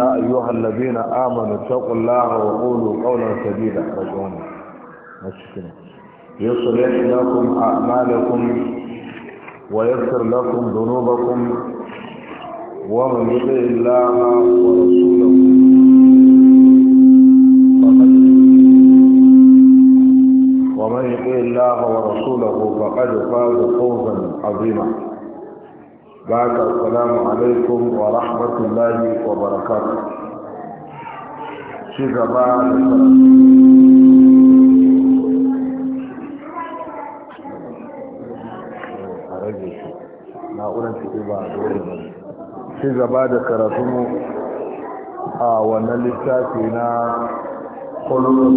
يا أيها الذين آمنوا اتقوا الله وقولوا قولا سديدا رجعونا مشكلة يصلح لكم أعمالكم ويغفر لكم ذنوبكم ومن يطع الله ورسوله ومن يطع الله ورسوله فقد فاز فوزا عظيما بعد السلام عليكم ورحمة الله وبركاته شكرا بعد ci gaba da karatu a wannan littafi na kulurin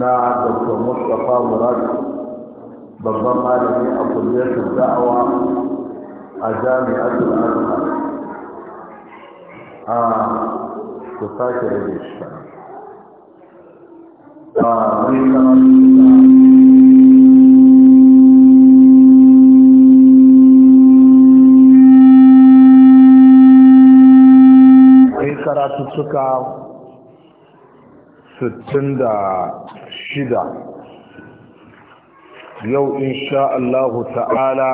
na dr mustapha murad babban malami a kuliyar da'awa a jami'atul azhar a ku sake rage shi a wani kamar karatuttuka 66 yau insha Allah ta'ala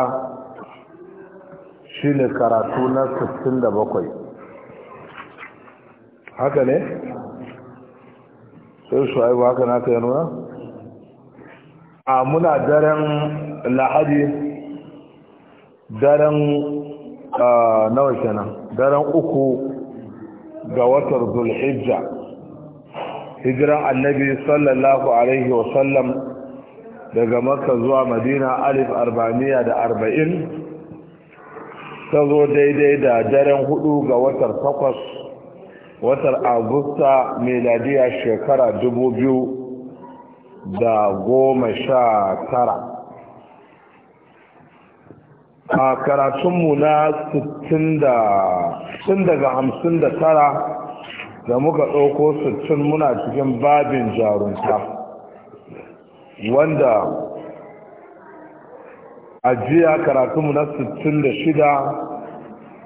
shi ne karatu na 67 haka ne? sai su haibu haka na ka yanuna? a muna daren lahadi daren nawa kenan daren uku ga watar zulhijja hijiran annabi sallallahu alaihi wasallam daga makka zuwa madina alif arba'amiya da arba'in ta zo daidai da daren hudu ga watar takwas watar agusta meladiya shekara dubu biyu da goma sha tara a karatunmu na 60 daga 59 da muka ɗauko 60 muna cikin babin jarunta wanda a jiya karatunmu na 66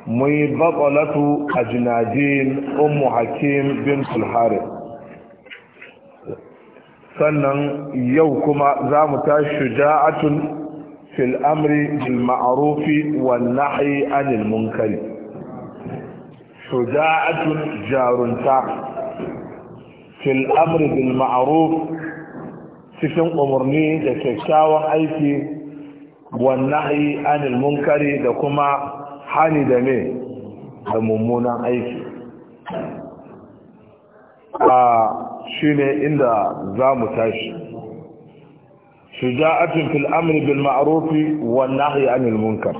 mai yi batsalatu a jinajin umu hakim bin tulhari sannan yau kuma za mu ta shuja'atun fil amri bil ma'arufi wal nahi anil munkari shuja'atun jarunta fil amri bil ma'aruf cikin umarni da kyakkyawan aiki wannahi anil munkari da kuma hani da ne da mummunan aiki a shine inda za mu tashi shuja'atun fil amri bil ma'rufi wan nahyi anil munkar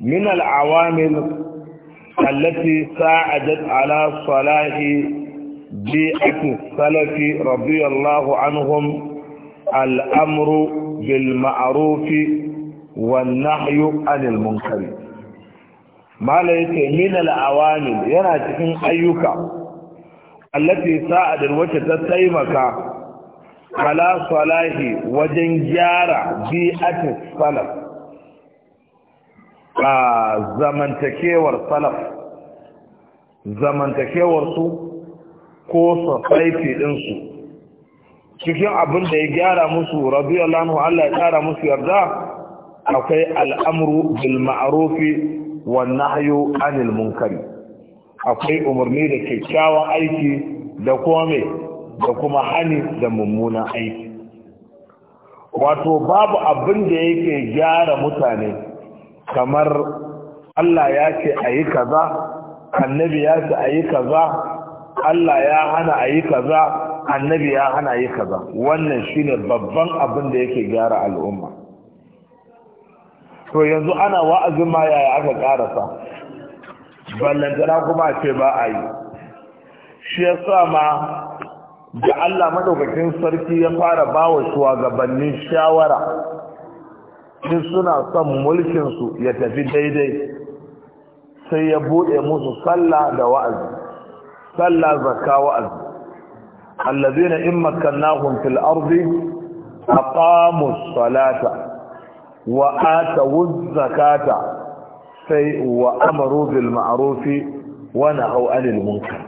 min al awamil allati sa'adat ala salahi بيئة السلف رضي الله عنهم الأمر بالمعروف والنحي عن المنكر ما ليس من العوامل ينا تكون أيك التي ساعد الوجه تسيمك على صلاه وجنجار بيئة السلف آه زمن تكيور السلف زمن تكيور سوء ko society ɗinsu cikin abin da ya gyara musu radiyallahu anhu Allah ya tsara musu yarda akwai al'amru bil ma'ruf wan nahyu anil munkar akwai umarni da kyakkyawan aiki da kome da kuma hani da mummunan aiki wato babu abin da yake gyara mutane kamar Allah ya ce a kaza annabi ya ce ayi kaza Allah ya hana a yi kaza annabi ya hana yi kaza wannan shine babban abin da yake gyara al'umma to yanzu ana wa'azin ma yaya aka karasa ballantana kuma ce ba a yi shi ya sa ma da Allah madaukakin sarki ya fara bawa shugabannin shawara in suna son mulkinsu ya tafi daidai sai ya buɗe musu sallah da wa'azi فلا زكاة وأذن الذين إن مكناهم في الأرض أقاموا الصلاة وآتوا الزكاة في وأمروا بالمعروف ونهوا عن المنكر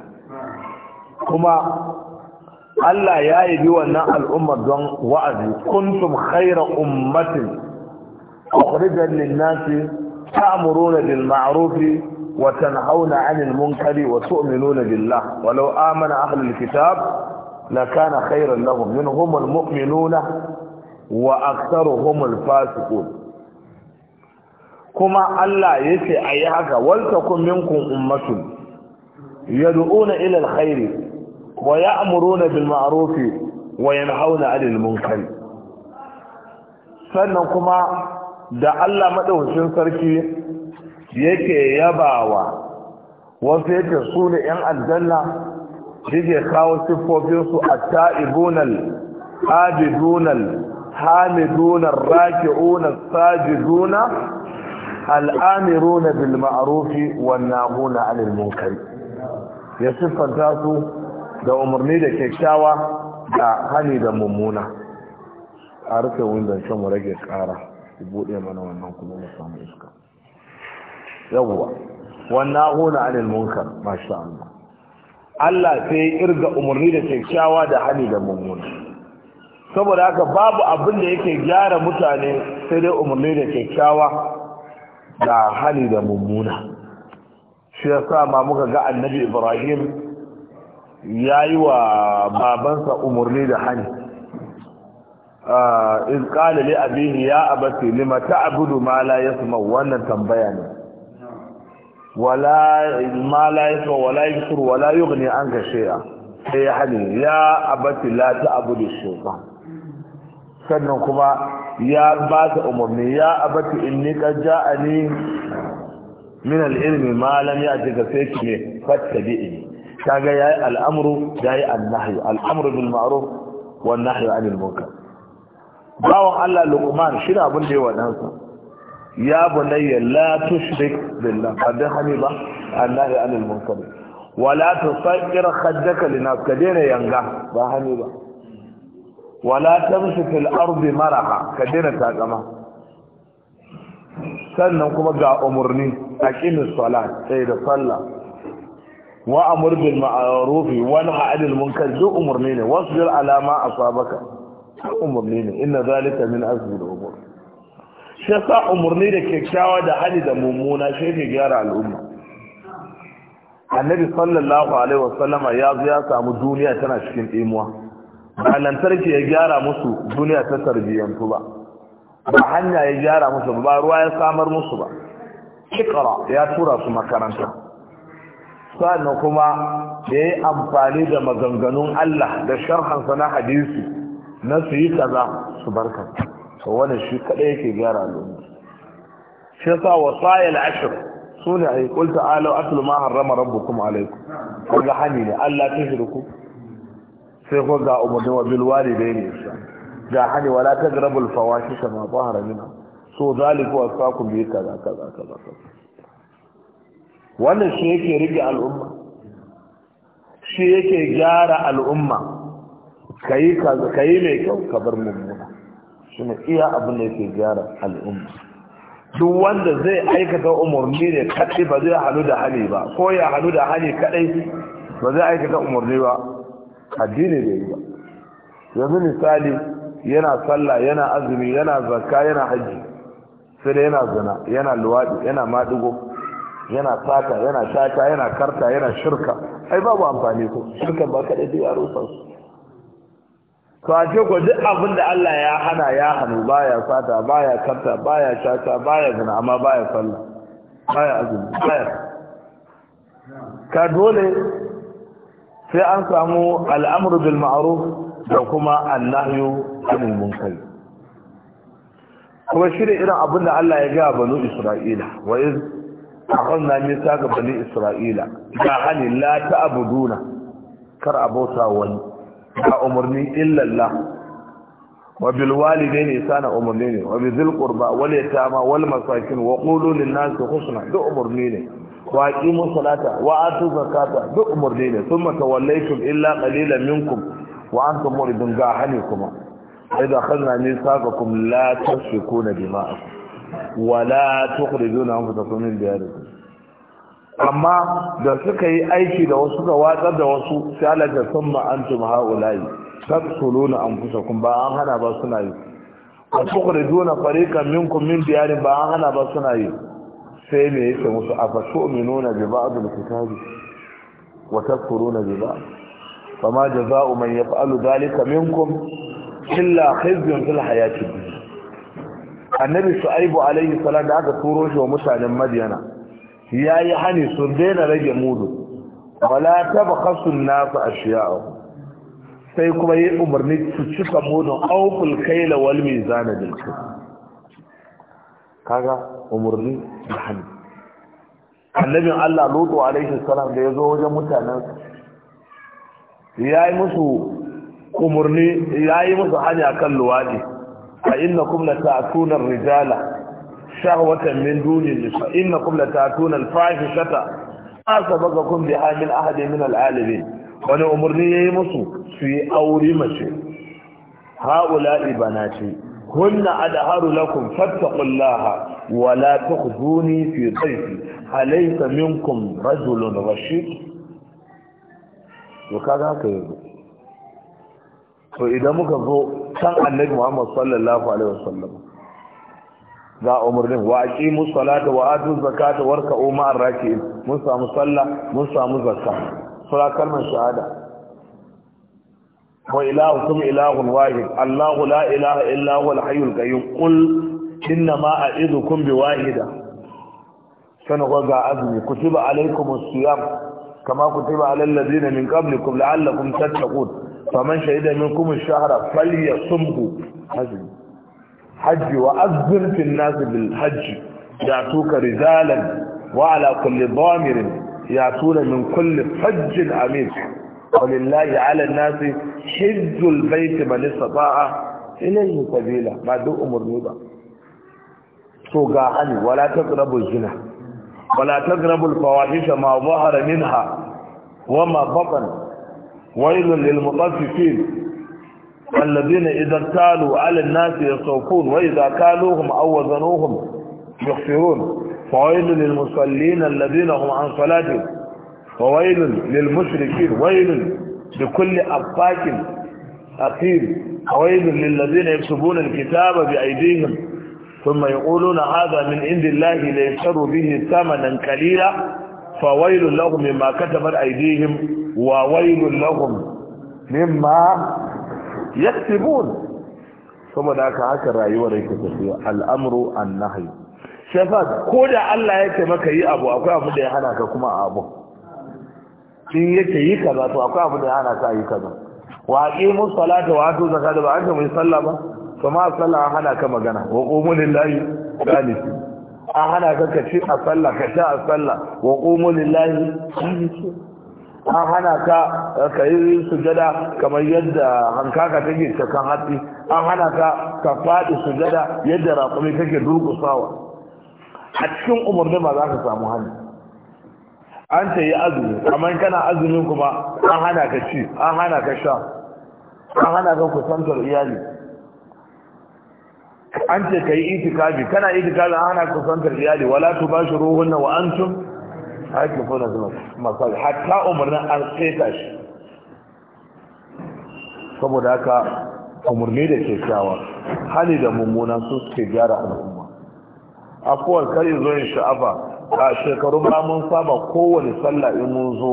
كما ألا يأيدي وناء الأمة دون وأذن كنتم خير أمة أخرجا للناس تأمرون بالمعروف وتنهون عن المنكر وتؤمنون بالله ولو آمن أهل الكتاب لكان خيرا لهم منهم المؤمنون وأكثرهم الفاسقون kuma Allah ya ce a yi haka waltakun minkun ummatun yad'una ila alkhairi wa ya'muruna bil ma'ruf wa yanhauna 'anil sannan kuma da Allah madaukakin sarki yake yabawa wasu yake su ne ‘yan aljanna yake kawo siffofinsu a ta'ibunal abidunal hamidunar raki'unar sajiduna al'amiruna bilma'arufi wannan huna alil kari. ya siffanta su da umarni da kyakkyawa da hani da mummuna a rufe windon shan mu rage kara buɗe mana wannan kuma mu samu iska yawwa wannan hona anil munkar masha Allah Allah sai irga umarni da kyakkyawa da hali da mummuna saboda haka babu abin da yake gyara mutane sai dai umarni da kyakkyawa da hali da mummuna shi yasa ma muka ga annabi Ibrahim yayi wa babansa umarni da hali in ƙala li ya abati lima abudu ma la yasma wannan tambaya ne wala ma la yasfa wala yusur wala yughni anka shay'a sai ya hadi ya abati la ta'budu shaytan sannan kuma ya ba ta umarni ya abati inni qad ja'ani min al-ilmi ma lam ya'tika sai ki ne fattabi'ni kaga yayi al-amru yayi an-nahyu al-amru bil ma'ruf wan nahyu 'anil munkar bawon Allah Luqman shi da abin da ya wadansa ya bunayya la tushrik billah hadin hani ba annahi anil munkar wala tusaqqir khaddaka linas ka daina yanga ba hani ba wala tamshi fil ardi maraha ka daina takama sannan kuma ga umurni aqimis salat sai da sallah wa amur bil ma'ruf wa nahy anil munkar duk umurni ne wasbir ala ma asabaka umurni ne inna zalika min azmi shi sa umarni da kyakkyawa da hali da mummuna shi ke gyara al'umma annabi sallallahu alaihi wasallama ya zo ya samu duniya tana cikin ɗimuwa ba lantarki ya gyara musu duniya ta tarbiyyantu ba ba hanya ya gyara musu ba ruwa ya samar musu ba shikara ya tura su makaranta sannan kuma da ya yi amfani da maganganun Allah da sharhansa na hadisi na su yi kaza su barkanta to wannan shi kaɗai yake gyara lokaci shi yasa wasayil ashr sune ay qul ta'alu atlu ma harrama rabbukum alaykum kaga hani ne Allah ta shirku sai ko ga umarni wa bil walidaini ga hani wala tagrabul fawahisha ma zahara minha so zaliku wasakum bi kaza kaza kaza wannan shi yake rige al'umma shi yake gyara al'umma kai kaza kai mai kyau kabar mummuna shine iya abin da yake gyara al'umma duk wanda zai aikata umarni ne kadai ba zai halu da hali ba ko ya halu da hali kadai ba zai aikata umarni ba addini da yi ba yanzu misali yana sallah yana azumi yana zakka yana haji sai yana zina yana luwadi yana madugo yana sata yana shata yana karta yana shirka ai babu amfani ko shirka ba kadai da yaro su to a ce duk abin da Allah ya hana ya hannu baya sata baya karta baya shata baya zina amma baya sallah baya azumi baya ka dole sai an samu al'amru bil ma'ruf da kuma annahyu anil munkar kuma shi ne irin abin da Allah ya gaya banu Isra'ila wa iz akhadna mithaqa bani Isra'ila ya hani la ta'buduna kar abota wani أمرني إلا الله وبالوالدين إسانا أمرنيني وبذي القربى واليتامى والمساكين وقولوا للناس خشنا ذو أمرنيني وإيموا صلاة وآتوا زكاة ذو أمرنيني ثم توليتم إلا قليلا منكم وأنتم مردون قاحنيكم إذا أخذنا نساقكم لا تشركون دماءكم ولا تخرجون أنفسكم من دياركم amma da suka yi aiki da wasu ga watsar da wasu sai Allah ta san ma antum haula'i kusa, kun ba an hana ba suna yi wa tukhrijuna fariqan minkum min diyarin ba an hana ba suna yi sai me yake musu afa tu'minuna bi ba'd al-kitabi wa takfuruna bi ba'd fama jazaa'u man yaf'alu dhalika minkum illa khizyun fil hayati dunya annabi shu'aibu alayhi salam da aka turo shi wa mutanen Madiyana. ya yi hani sun daina rage mudu wala taba kasun nasu a shiya'u sai kuma yi umarni su cika mudun aukul kaila wal mizana bil kaga umarni da hannu annabin Allah lutu alaihi salam da ya zo wajen mutanen ya yi musu umarni ya yi musu hanya kan luwaɗi a inna kuma la ta'tuna rijala shahwatan min dunin nisa innakum latatuna alfahishata ma sabaqakum biha min ahadin min alalamin wani umarni yayi musu su yi aure mace haula ibanati hunna adharu lakum fattaqullaha wa la tukhzuni fi dhayfi alaysa minkum rajulun rashid to kaga haka yanzu to idan muka zo kan annabi Muhammad sallallahu alaihi wasallam ga umarnin wa aqimu salata wa atu zakata warka'u ma'ar raki'in mun samu sallah mun samu zakka sura kalmar shahada wa ilahukum ilahun wahid allahu la ilaha illa huwa al-hayyul qayyum qul inna ma a'idukum wahida sana ga azumi kutiba alaykumus siyam kama kutiba alal ladina min qablikum la'allakum tattaqun faman shahida minkum ash-shahra falyasumhu azumi الحج وأذن في الناس بالحج يعطوك رجالا وعلى كل ضامر يأتون من كل فج عميق ولله على الناس حج البيت من استطاع إليه سبيلا ما دو أمر نوضا توقعني ولا تقرب الزنا ولا تقرب الفواحش ما ظهر منها وما بطن ويل للمطففين الذين إذا اكتالوا على الناس يصوفون وإذا كالوهم أو وزنوهم يخسرون فويل للمصلين الذين هم عن صلاتهم وويل للمشركين ويل لكل أباك أخير ويل للذين يكتبون الكتاب بأيديهم ثم يقولون هذا من عند الله ليشتروا به ثمنا قليلا فويل لهم مما كتبت أيديهم وويل لهم مما yaktibun saboda haka haka rayuwar yake tafiya al'amru an-nahy shefa ko da Allah yake maka yi abu akwai abu da ya hana ka kuma abu in yake yi kaza to akwai abu da ya hana ka yi kaza wa aqimus salata wa atu zakata ba aka mai sallah ba to ma sallah an hana ka magana wa qumu lillahi qanisi an hana ka ka ci a sallah ka ci a sallah wa qumu lillahi qanisi an hana ka ka yi sujada kamar yadda hankaka take cakan hatsi an hana ka ka faɗi sujada yadda raƙumi take durƙusawa a cikin umarni ba za ka samu hannu an ta yi azumi kamar kana azumin kuma an hana ka ci an hana ka sha an hana ka kusantar iyali an ce ka yi itikafi kana itikafi an hana kusantar iyali wala tu ba shi ruhun na wa'antum haki kuna zuma masal hatta umarnin an saita shi saboda haka umarni da kyakkyawa hali da mummunan su suke gyara al'umma afuwar kari zo yin sha'afa a shekaru ba mun saba kowane sallah in mun zo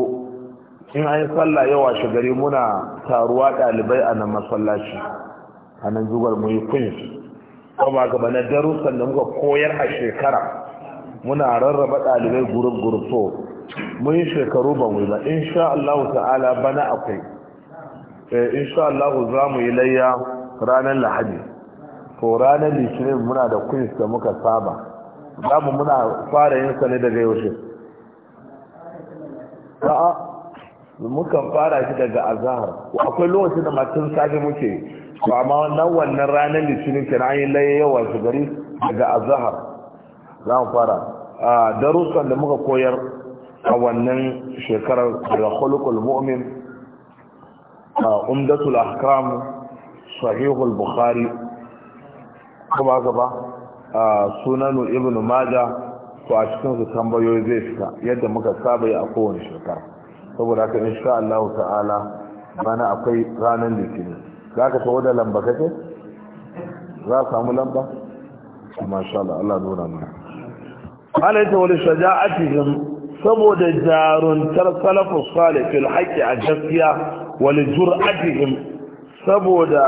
in an yi sallah yawa shigari muna taruwa ɗalibai a nan masallaci a nan zubar mu yi kunshi kuma ba darussan da muka koyar a shekara muna rarraba ɗalibai gurup gurup to mun yi shekaru ba mu ba insha Allah ta'ala bana akwai eh insha Allah za mu yi layya ranar Lahadi Ko ranar Litinin muna da quiz da muka saba za mu muna fara yin sa ne daga yaushe a'a mukan fara shi daga azahar akwai lokacin da matan safe muke Ko amma wannan wannan ranar litinin kenan an yi laye yawa shi gari daga azahar za mu fara a darussan da muka koyar a wannan shekarar da khulukul mu'min umdatul ahkam sahihul bukhari kuma gaba sunanu Ibn majah to a cikin su tambayoyi zai fita yadda muka saba a kowane shekara saboda haka insha Allah ta'ala bana akwai ranan litinin za ka tawo da lamba kake za samu lamba masha Allah Allah nuna mana halatta wani shaja'atihim saboda jaruntar salafus salih fil a gaskiya wani jur'atihim saboda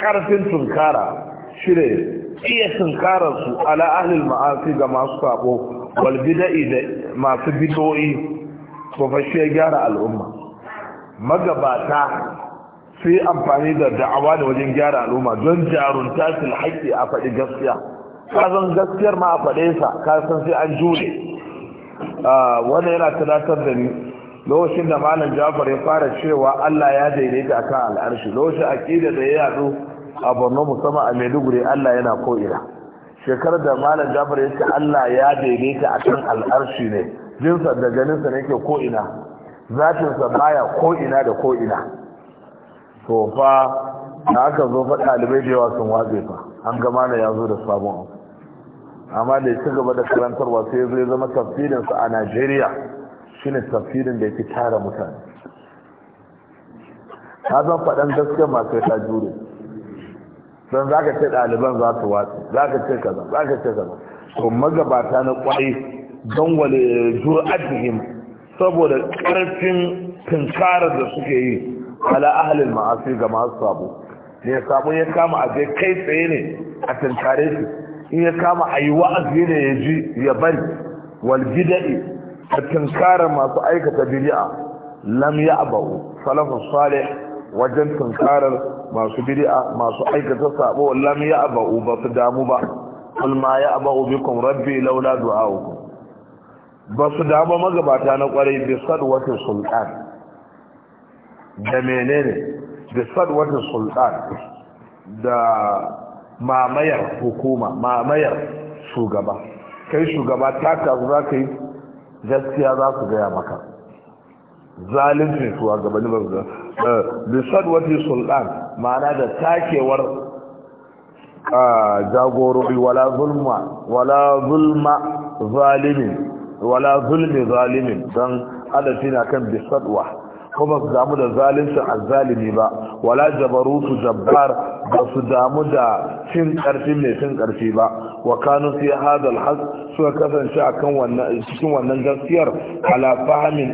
karfin tunkara shine iya tunkarar su ala ahlil ma'asi ga masu sabo wal da masu bid'o'i to gyara al'umma magabata sai amfani da da'awa da wajen gyara al'umma don jarunta fil a faɗi gaskiya kazan gaskiyar ma a faɗe sa kasan sai an jure ah, wanda yana tunatar da ni lokacin da malam jafar ya fara cewa allah ya daidaita a kan al'arshi lokacin aƙida da ya yaɗu a borno musamman a maiduguri allah yana ko'ina shekarar da malam jafar ya ce allah ya daidaita a kan al'arshi ne jinsa da ganinsa ne ke ko'ina zafinsa baya ko'ina da ko'ina to fa da aka zo fa ɗalibai da yawa sun watse fa an gama da ya zo da sabon abu amma da ya ci gaba da karantarwa sai zai zama tafsirinsa a najeriya shine tafsirin da ya fi tara mutane ta zan faɗan gaske masu ta jure don za ka ce ɗaliban za su watsi za ka ce kaza za ka ce kaza to magabata na ƙwai don wale jur'atihim saboda ƙarfin tunkarar da suke yi ala ahalin ma'asi ga masu sabo ne sabo ya kama a kai tsaye ne a tunkare su in ya kama a yi wa'azi ne ya ji ya bari wal bida'i da tunkarar masu aikata bidi'a lam ya abahu salafus salih wajen tunkarar masu bidi'a masu aikata sabo lam ya abahu ba su damu ba kul ma ya abahu bikum rabbi laula uku ba su damu magabata na kwarai bi sadwati sultan da menene bi sadwati sultan da mamayar hukuma mamayar shugaba kai shugaba taka za ka yi gaskiya za su gaya maka zalunci su a gabanin ba eh, bisan wata sultan ma'ana da takewar jagorori wala zulma wala zulma zalimin wala zulmi zalimin don adalci kan bisadwa ko ba su damu da zalinsa azzalimi ba wala jabarutu jabbar ba su damu da cin karfi mai cin karfi ba wa kanu fi hadal haq suka kasance akan wannan cikin wannan gaskiyar ala fahmin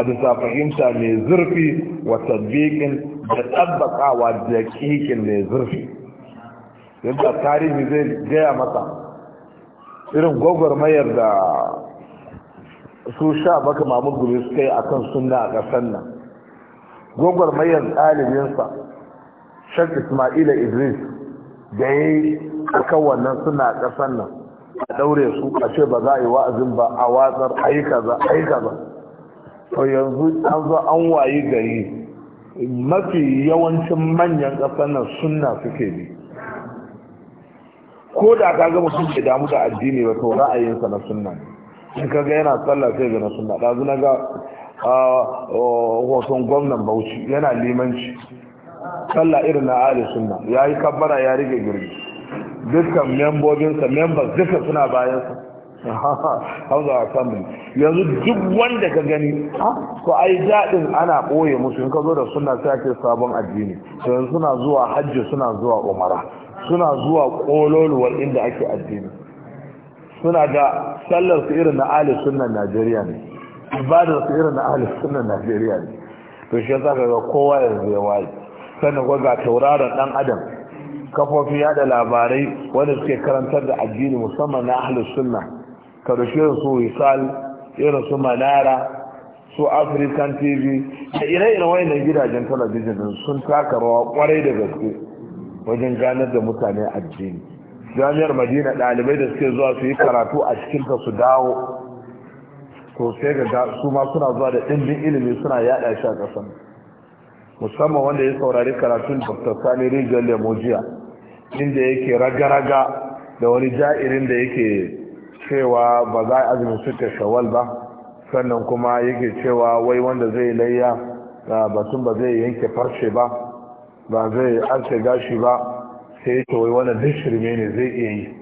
a bisa fahimta mai zurfi wa tabbiqin da tabbakawa da kikin mai zurfi yadda tarihi zai gaya masa irin gwagwarmayar da su sha baka mamun gumi suka yi kan sunna a ƙasar nan mayan ɗalibinsa shek ismaila idris da ya yi akan wannan suna a ƙasar nan a ɗaure su a ce ba za a yi wa'azin ba a watsar aika za to yanzu an zo an wayi gari mafi yawancin manyan ƙasar nan suna suke bi ko da ka ga mutum bai damu da addini ba to ra'ayinsa na sunna ne in ka yana sallah sai ga na sunna ɗazu na ga hoton gwamnan bauchi yana limanci sallah irin na ali sunna ya yi kabbara ya rike girgi dukkan membobinsa members duka suna bayansa hausa a samun yanzu duk wanda ka gani ko ai daɗin ana ɓoye musu in ka zo da suna sai ake sabon addini yanzu suna zuwa hajji suna zuwa umara suna zuwa ƙololuwar inda ake addini suna ga sallar su irin na ahli sunnan Najeriya ne ibadar su irin na ahli sunnan Najeriya ne to shi yasa ga kowa ya zai wai sannan ko ga tauraron dan adam kafofin yada labarai wanda suke karantar da addini musamman na ahli sunna karshe su misal irin su manara su african tv da ire-iren wayannan gidajen talabijin sun taka rawa kwarai da gaske wajen ganar da mutane addini jami'ar madina ɗalibai da suke zuwa su yi karatu a cikinta su dawo to sai ga su ma suna zuwa da ɗimbin ilimi suna yaɗa shi a ƙasan musamman wanda ya saurari karatun dr sani ya lemojiya inda yake raga-raga da wani ja'irin da yake cewa ba za a azumin su ta shawal ba sannan kuma yake cewa wai wanda zai layya batun ba zai yanke farce ba ba zai arce gashi ba sai yake wai wannan duk shirme ne zai iya yi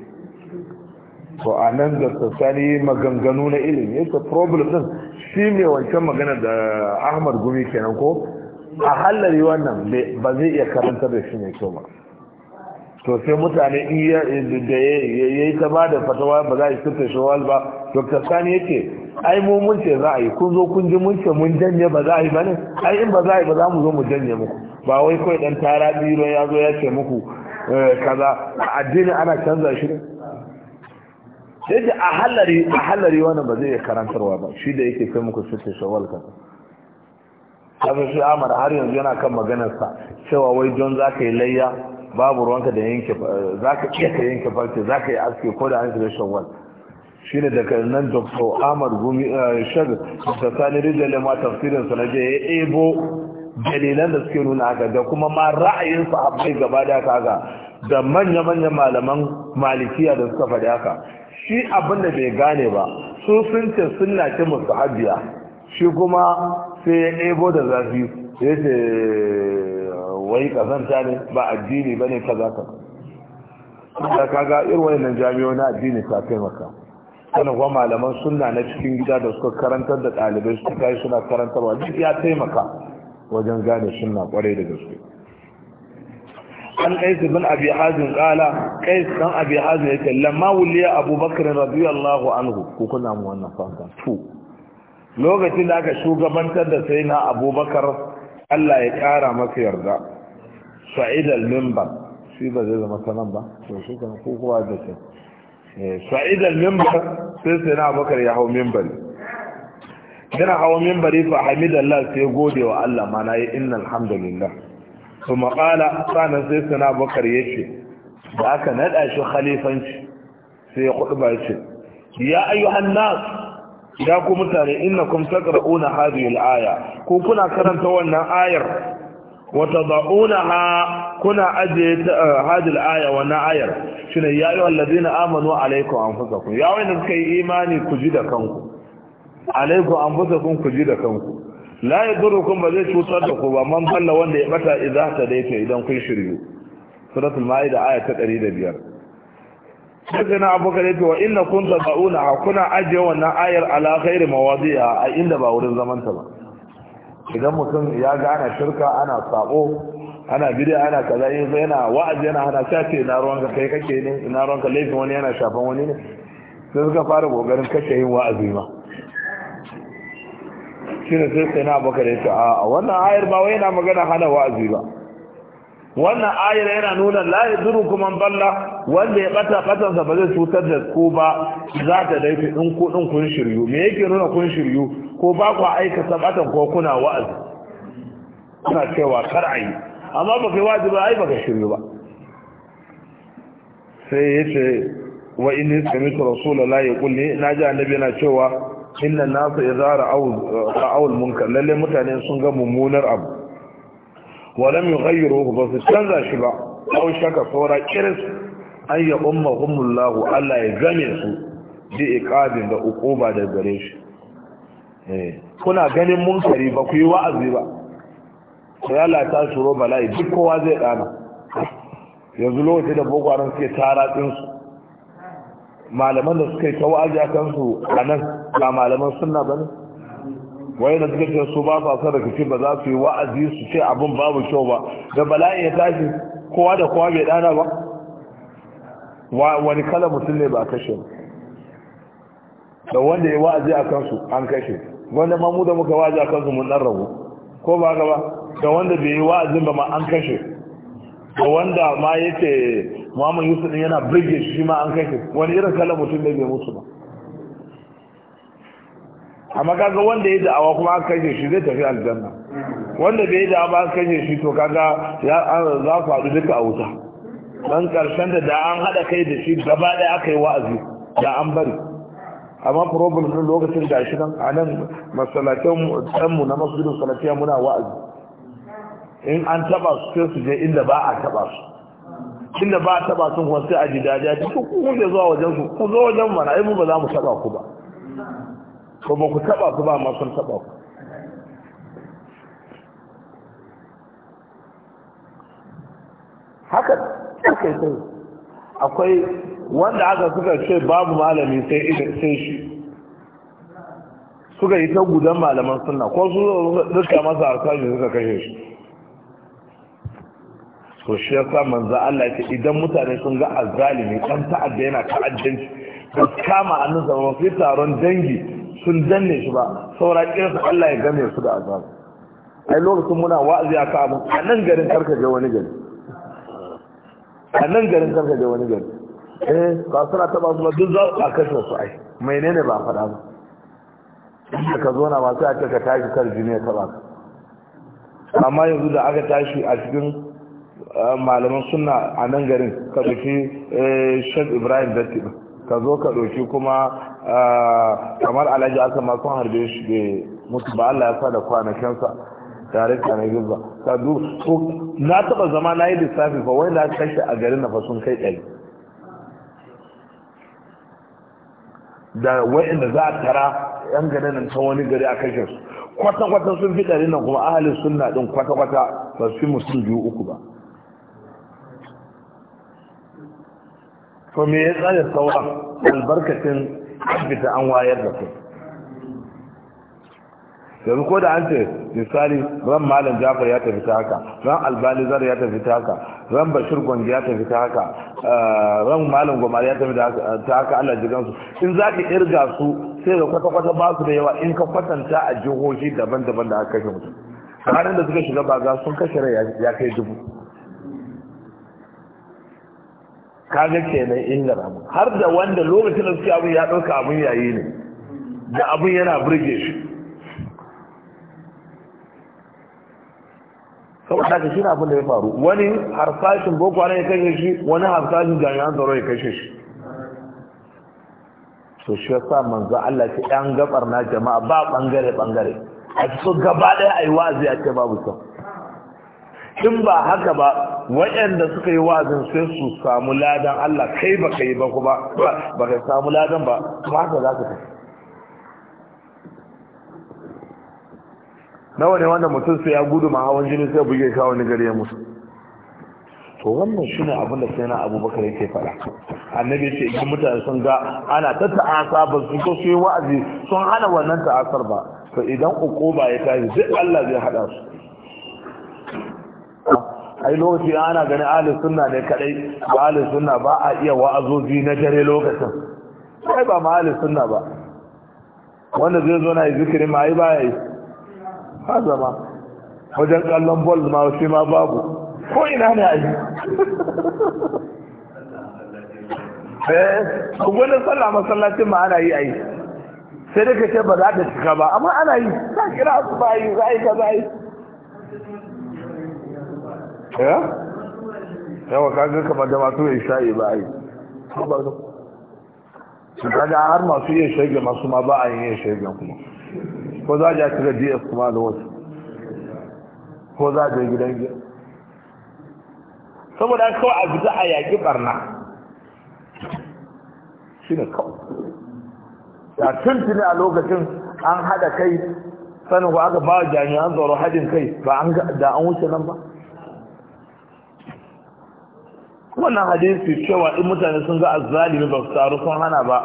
to a nan da sassani maganganu na ilimi yake problem din shi ne wancan magana da ahmad gumi kenan ko a hallari wannan ba zai iya karantar da shi ne kyau ba to sai mutane da ya yi ta ba da fatawa ba za a yi sirta shawal ba dr sani ya ce ai mu mun ce za a yi kun zo kun ji mun ce mun janye ba za a yi ba ne ai in ba za a yi ba za mu zo mu janye muku ba wai kawai dan tara biro ya zo ya ce muku Eh, kaza a addini ana canza shi ne a halari a halari wannan ba zai karantarwa ba shi da yake kai muku sitte shawal kaza kafin shi amara har yanzu yana kan maganarsa cewa wai don za ka yi layya babu ruwanka da yanke eh, za ka iya ka yanke farce za ka yi aske ko da an shiga shawal shi ne daga nan dr amar gumi eh, shag da sani rijiyar lema tafsirinsa na je ya ebo dalilan da suke nuna haka da kuma ma ra'ayin sahabbai gaba da kaga da manya-manyan malaman malikiya da suka faɗi haka shi abin da bai gane ba su sun ce sunna ce musu habiya shi kuma sai ya ɗebo da zafi ya ce wai kazanta ne ba addini ba ne kaza ka da kaga irin wannan jami'o na addini ta taimaka sannan kuma malaman sunna na cikin gida da suka karantar da ɗalibai suka kai suna karantarwa duk ya taimaka wajen gane suna kwarai da gaske an qais bin abi hazim qala qais dan abi hazim yake lamma wuliya abubakar radiyallahu anhu ko kuna mu wannan fanka? to lokacin da aka shugabantar da sai na abubakar Allah ya kara masa yarda sa'id al-minbar shi ba zai zama sanan ba to shi kan kokowa da shi eh, sa'id al-minbar sai sai na abubakar ya hau minbari yana hawa mimbari fa hamidallah sai gode wa Allah mana yi innal alhamdulillah. to maqala sanan sai sana bakar yace da aka nada shi khalifanci sai ya kuduba yace ya ayyuhan nas ya ku mutane innakum taqra'una hadhihi al-aya ku kuna karanta wannan ayar wa tad'unaha kuna aje eh, hadhihi al-aya wa ayar shine ya ayyuhal ladina amanu alaykum anfusakum ya wani kai imani ku ji da kanku alaiku an fusa kun ku ji da kanku la kun ba zai cutar da ku ba man balla wanda ya bata idza ta daita idan kun shirye suratul maida aya ta 105 sai na abu kare wa inna kunta bauna kuna ajiye wannan ayar ala ghairi mawadi'a a inda ba wurin zaman ta ba idan mutum ya gane shirka ana sabo ana bid'a ana kaza in sai yana wa'azi yana hana ta na ruwan ka kai kake ne ina ruwanka laifin wani yana shafan wani ne sai suka fara kokarin kashe yin wa'azi ma shi ne sai sai na baka da ta a wannan ayar ba wai yana magana hana wa'azi ba wannan ayar yana nuna la yaduru kuma balla wanda ya bata sa ba zai cutar da ku ba za ta dai in ku din kun shiryu me yake nuna kun shiryu ko ba ku aika sabatan ko kuna wa'azi kuna cewa kar'ai amma ba kai wa'azi ba ai ba ka shiryu ba sai yace wa inni sami rasulullahi yaqul ni naji annabi yana cewa inna nasu idza ra'aw munkar lalle mutane sun ga mummunar abu wa lam yughayyiruhu ba su canza shi ba aw shaka saura kiris an ya humullahu Allah ya game su bi iqabin da uquba da gare shi eh kuna ganin munkari ba ku yi wa'azi ba sai Allah ta shiro bala'i duk kowa zai dana yanzu lokacin da bugwaran suke tara tsinsu malaman da suka yi ta wa'azi a kansu a nan ga malaman suna ba ne wai da suka ce su ba su da rikici ba za su yi wa'azi su ce abin babu kyau ba da bala'i ya tashi kowa da kowa bai dana ba wani kala mutum ne ba kashe da wanda ya wa'azi a kansu an kashe wanda ma mu da muka wa'azi a kansu mun dan rabu ko ba gaba da wanda bai yi wa'azin ba ma an kashe da wanda ma yake muhammad yusuf din yana birge shi ma an kai shi wani irin kallon mutum ne bai mutu ba amma kaga wanda ya da'awa kuma an kai shi zai tafi aljanna wanda bai da'awa ba an kai shi to kaga za ku haɗu duka a wuta dan karshen da an haɗa kai da shi gaba ɗaya aka yi wa'azi da an bari amma problem din lokacin da shi nan a nan masalatan tsanmu na masjidin salatiya muna wa'azi in an taba su sai su je inda ba a taba su tunda ba ta ba sun kuma sai a ji duk ji kun da zuwa wajen su ku zo wajen mana ai mu ba za mu taba ku ba ko ba ku taba ku ba amma sun taba ku haka kai sai akwai wanda aka suka ce babu malami sai sai shi suka yi ta gudan malaman sunna ko su duka masa harsashi suka kashe shi to shi yasa manzo Allah ce idan mutane sun ga azzalimi dan ta'adda yana ta'addanci ba kama annu sa ba sai taron dangi sun danne shi ba saura kirsa Allah ya game su da azab ai lokacin muna wa'azi a abu a nan garin karka je wani gari a nan garin karka je wani gari eh ba suna taba su ba duk za a kashe su ai Menene ba faɗa ba da ka zo na masu a ka tashi kar jini ya taba ka amma yanzu da aka tashi a cikin malaman suna a nan garin ka ɗauki eh, shek ibrahim datti ka zo ka ɗauki kuma eh, kamar alhaji aka ma sun harbe shi da mutu ba allah ya sa da kwanakensa tare da na gizba ka du na taɓa zama na yi lissafi ba wai na kashe a garin na fasun kai ɗari da wa'inda za a tara yan garin nan ta wani gari a kashe su kwata-kwata sun fi ɗari nan kuma ahalin sunna ɗin kwata-kwata ba su fi musul biyu uku ba to me ya zai sauran albarkacin abita an wayar da su yanzu ko da an ce misali ran malam jafar ya tafi ta haka ran albani zar ya tafi ta haka ran bashir gwangi ya tafi ta haka eh, ran malam gwamar ya tafi ta haka allah jigansu in za ka irga su sai da kwata-kwata ba su da yawa in ka kwatanta a jihohi daban-daban da aka kashe mutum ranar da suka shiga za sun kashe rai ya kai dubu kaga kenan illar abu har da wanda lokacin da suke abin ya ɗauka abin yayi ne da abin yana burge shi saboda ka shi na abin da ya faru wani harsashin boko ne ya kashe shi wani harsashin jami'an tsaro ya kashe shi to shi yasa manzo Allah ce yan gabar na jama'a ba bangare bangare a cikin gaba ɗaya ayi wazi a ce babu sau in ba haka ba waɗanda suka yi wa'azin sai su samu ladan Allah kai ba kai ba kuma ba ka samu ladan ba kuma haka za ka tafi nawa ne wanda mutum sai ya gudu ma hawan jini sai buge shi wani gari ya mutu to wannan shi abin da sai na abubakar yake faɗa annabi ce idan mutane sun ga ana ta ta'asa ba su ko su yi wa'azi sun hana wannan ta'asar ba to idan ba ya tashi zai Allah zai hada su ai lokaci ana ganin ahalin sunna ne kadai ba ahalin sunna ba a iya wa'azobi na dare lokacin sai ba ma ahalin sunna ba wanda zai zo na yi zikiri ma ai ba ya yi ha zama wajen kallon bol ma shi ma babu ko ina ne a yi eh gwada sallah masallacin ma ana yi a yi sai dai ka ce ba za ta cika ba amma ana yi za kira su ba yi za a yi ka za a yi ya eh? yawa kaga kamar da masu yin sha'i ba yi su kaga har masu yin shaigen masu ma ba a yin shaigen kuma ko za a ja kira ds kuma da wasu ko za a je gidan giya saboda kawai a fita a yaƙi barna shi ne kawai da tuntuni a lokacin an haɗa kai sanin ku aka ba jami'an tsaro haɗin kai ba da an wuce nan ba wannan hadisi cewa in mutane sun ga azzalimi ba su taru sun hana ba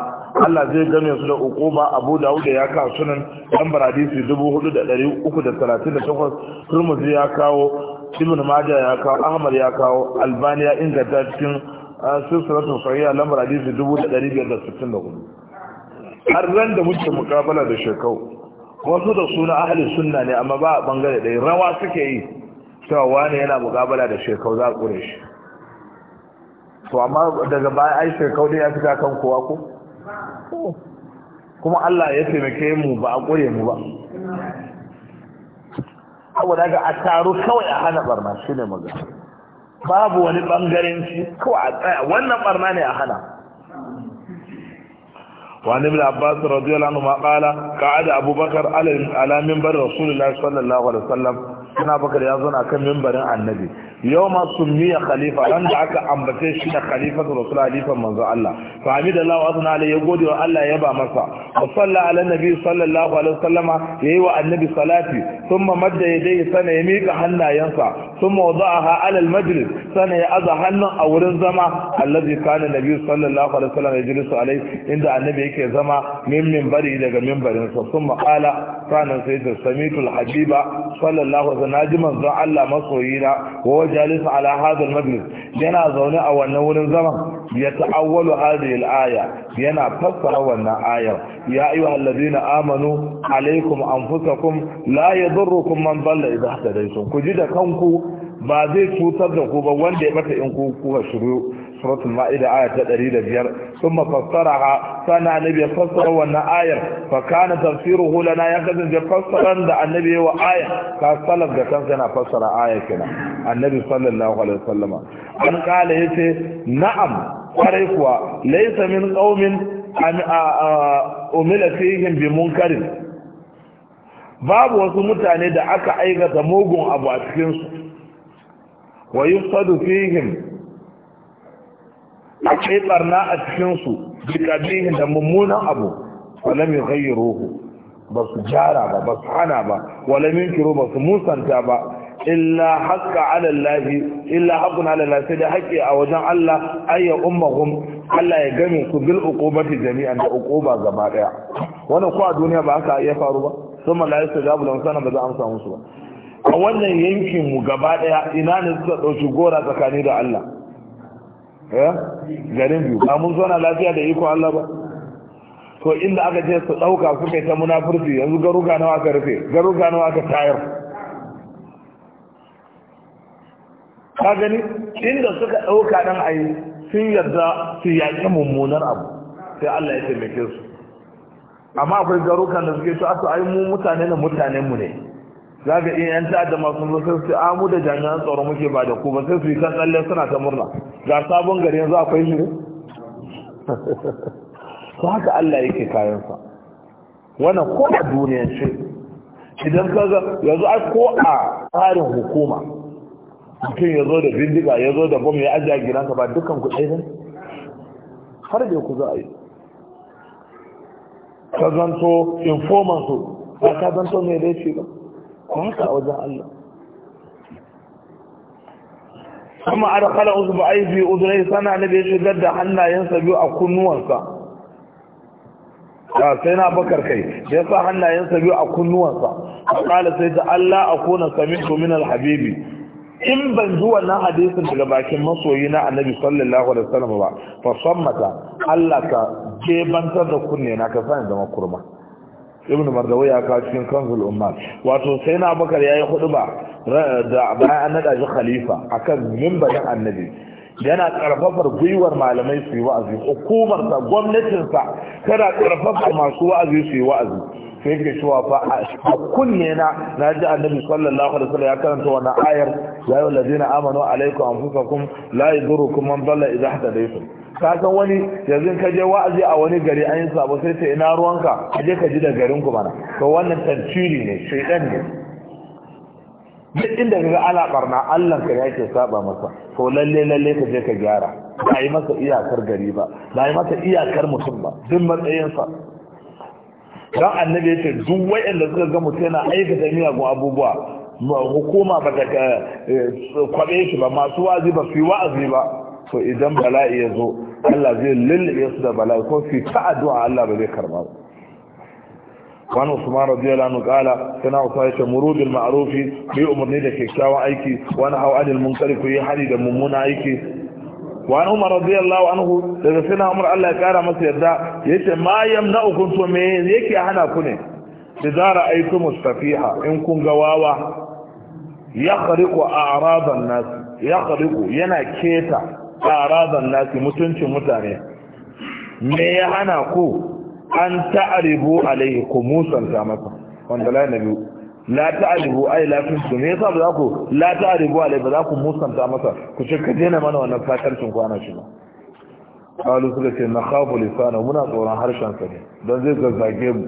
Allah zai gane su da uquba Abu Dawud ya kawo sunan lambar hadisi 4338 Turmuzi ya kawo Ibn Majah ya kawo Ahmad ya kawo Albani ya inganta cikin silsilatul sahiha lambar hadisi 1564 har ran da muke mukabala da shekau wasu da suna ahli sunna ne amma ba bangare ɗaya rawa suke yi cewa wani yana mukabala da shekau za a kure shi to amma daga baya ai shekau dai ya fita kan kowa ko kuma Allah ya taimake mu ba a ƙure mu ba abu daga a taru kawai a hana barna shi ne magana babu wani ɓangaren shi kawai a tsaya wannan barna ne a hana وعن ابن عباس رضي الله عنهما قال قعد ابو بكر على منبر رسول الله صلى الله عليه وسلم كان بكر يظن اكن منبر النبي yau ma summiya khalifa nan da aka ambace shi da khalifa da rasul halifan manzo Allah fa hamidallahu wa azna alayhi gode wa Allah ya ba masa wa salla ala nabi sallallahu alaihi wasallama yayi wa annabi salati thumma madda yadayhi sana ya mika hannayensa thumma wada'aha ala almajlis sana ya aza hannun a wurin zama allazi kana nabi sallallahu alaihi wasallam yajlisu alaihi inda annabi yake zama min minbari daga minbarin sa thumma qala kana sayyid samitu Habiba sallallahu alaihi wasallam naji manzo Allah masoyina wa jalisu ala hadha majlis yana zaune a wannan wurin zaman ya ta'awwalu hadhihi al-aya yana fassara wannan ayar ya ayyuhal ladina amanu alaykum anfusakum la yadurrukum man dalla idha hadaytum ku ji da kanku ba zai cutar da ku ba wanda ya bata in ku kuka shiru suratul ma'ida aya ta 105 thumma fassaraha sana annabi ya fassara wannan ayar fa kana tafsiruhu lana ya kasance fassaran da annabi wa aya ka salaf da kansa yana fassara aya kina annabi sallallahu alaihi wasallama an kala yace na'am kwarai kuwa laysa min qaumin an umila fihim bi munkarin babu wasu mutane da aka aikata mugun abu a cikinsu wa yufsadu fihim akwai barna a cikinsu bikabihin da mummunan abu walam yughayyiruhu ba su jara ba ba su hana ba Wala walam yunkiru ba su musanta ba illa haqqa ala allah illa haqqun ala allah sai da haƙƙi a wajen Allah ayya ummahum Allah ya game su bil uqubati jami'an da uquba gaba daya wannan ko a duniya ba haka ya faru ba sun malaika da bu lansana ba za a amsa musu ba a wannan yankin mu gaba daya ina ne suka dauki gora tsakani da Allah Eh? garin biyu ba mun zauna lafiya da iko Allah ba to inda aka je su ɗauka suka ta munafurci yanzu garuka nawa aka rufe garuka nawa aka tayar ka gani inda suka ɗauka dan a sun yarda su yaƙi mummunar abu sai Allah ya taimake su amma akwai garuka da suke to su ai mu mutane na mutanen mu ne za ka iya yan ta'adda masu zo sai amu ah, da jami'an tsoron muke ba da ku ba sai su yi kan tsalle suna ta murna ga sabon gari yanzu akwai shi ne to haka Allah yake kayansa wannan ko a duniyar ce idan ka ga yanzu ai ko a tsarin hukuma mutum ya zo da bindiga ya zo da bom ya ajiye gidanka ba dukkan ku ɗaya ne har da ku za a yi ka zanto informansu ba ka zanto mai laifi ba haka a wajen Allah kuma a dakala uzba aibi udurai sana na bai shigar da hannayensa biyu a kunnuwansa sai na bakar kai da ya sa hannayensa biyu a kunnuwansa a kala sai da Allah a kona sami domin alhabibi in ban ji wannan hadisin daga bakin masoyi na annabi sallallahu alaihi wasallam ba fa sammata Allah ka jebantar da kunne na ka sani zama kurma ibn mardawi ya kawo cikin kanzul ummat wato sai na bakar yayi hudu ba da bayan an nada shi khalifa akan mimbarin annabi yana karfafar gwiwar malamai su yi wa'azi hukumarsa gwamnatinsa tana karfafa masu wa'azi su yi wa'azi sai ke cewa fa a kunne na na ji annabi sallallahu alaihi wasallam ya karanta wa ayar ya yi ladina amanu alaikum anfusakum la yadurukum man dalla idha hadaytum ka san wani yanzu ka je wa'azi a wani gari an yi sabo sai ta ina ruwanka ka je ka ji da garin ku mana to wannan tantiri ne shaidan ne duk inda ka ga ala barna Allah ka yake saba masa to lalle lalle ka je ka gyara ba yi masa iyakar gari ba ba yi masa iyakar mutum ba duk sa Dan annabi ya ce duk wa'anda suka ga mutum yana aikata miyagun abubuwa hukuma ba ta eh, kwabe shi ba masu wazi ba su wa'azi ba to idan bala'i ya zo Allah zai lullaye su da bala'i ko fi ta addu'a Allah ba zai karba ba. Wani Usman radiyallahu anhu kala kana usai ta murudul ma'arufi bi umarni da kikkiawan aiki wani hau adil munkari ku yi hari da mummuna aiki. Wani Umar radiyallahu anhu daga sina Umar Allah ya kara masa yarda ya ce ma yamna ukun to me yake hana ku ne. Da zara aiki mustafiha in kun ga wawa ya yana keta arazan nasi mutuncin mutane me ya hana ku an ta'aribu alaihi ku musanta masa wanda la na biyu la ta'aribu ai la su me yasa ba za ku la ta'aribu alaihi ba za ku musanta masa ku ce ka daina mana wannan fatarcin kwana shi ba kalu suka ce na khafu lisana muna tsoron harshen sa ne don zai zazzage mu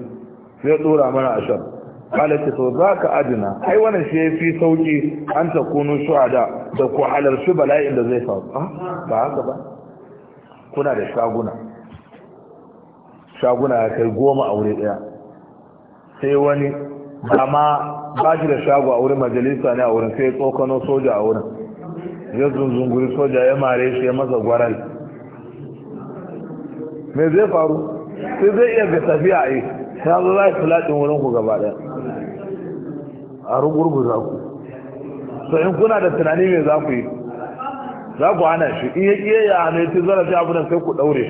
sai dora mana ashar kala ce to za ka adina ai wannan shi ya fi sauki an ta kunu a da ku halarci bala'in da zai faru ba haka ba kuna da shaguna shaguna ya kai goma a wuri daya sai wani dama ba shi da shago a wurin majalisa ne a wurin sai tsokano soja a wurin ya zunzunguri soja ya mare shi ya masa gwaral me zai faru sai zai iya ga tafiya a yi ya zo za fulaɗin wurin ku gaba ɗaya a rugurgu za ku so in kuna da tunani mai za ku yi za ku hana shi iya iya ya hana ta zarafi abu da sai ku daure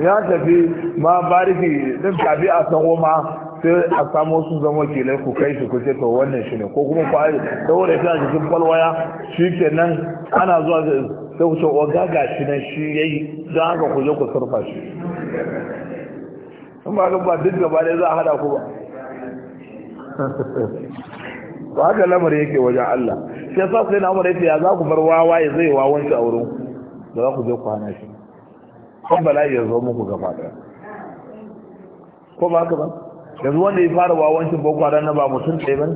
ya tafi ma bariki din tafi a san goma sai a samu su zama kilai ku kai shi ku ce to wannan shi ne ko kuma ku ayi daure shi a jikin falwaya shi kenan ana zuwa sai ku ce o gaga shi nan shi yayi don haka ku je ku surfa shi in ba ba duk gaba ne za a hada ku ba Ba haka lamar yake wajen Allah sai sa sai na Umar ya za ku bar wawa ya zai wawon shi a wurin da za ku je kwana shi kan Bala ya zo muku gaba da ko ba haka ba yanzu wanda ya fara wawon shi boko haram na ba mutum ɗaya ba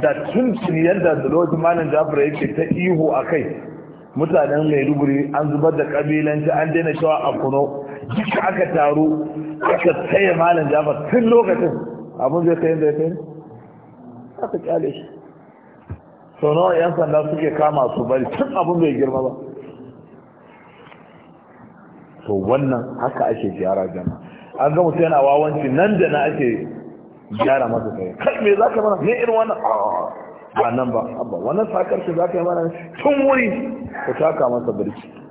da tun cin yadda da lokacin malam Jafar yake ta ihu a kai mutanen Maiduguri an zubar da kabilanci an daina shawa a kuno duka aka taru aka taya malam Jafar tun lokacin abin zai kai yadda ya kai aka kyale shi sau nawa yan sanda suke kama su bari tun abin bai girma ba to wannan haka ake gyara jama an ga mutum yana wawanci nan da na ake gyara masa kai kai me za ka mana ne irin wannan ah, ba nan ba abba wannan sakar shi za ka yi mana tun wuri ku taka masa birki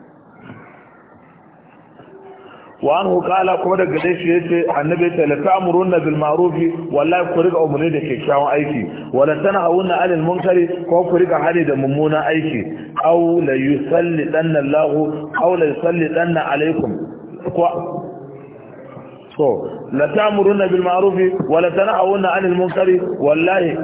وانه قال كودا غديش يتي النبي صلى الله عليه وسلم امرنا بالمعروف والله كوريق امرني دك ايكي ولا تنهونا عن المنكر كو كوريق حالي ممونا ايكي او لا يسلطن الله او لا يسلطن عليكم كو لا تامرنا بالمعروف ولا تنهونا عن المنكر والله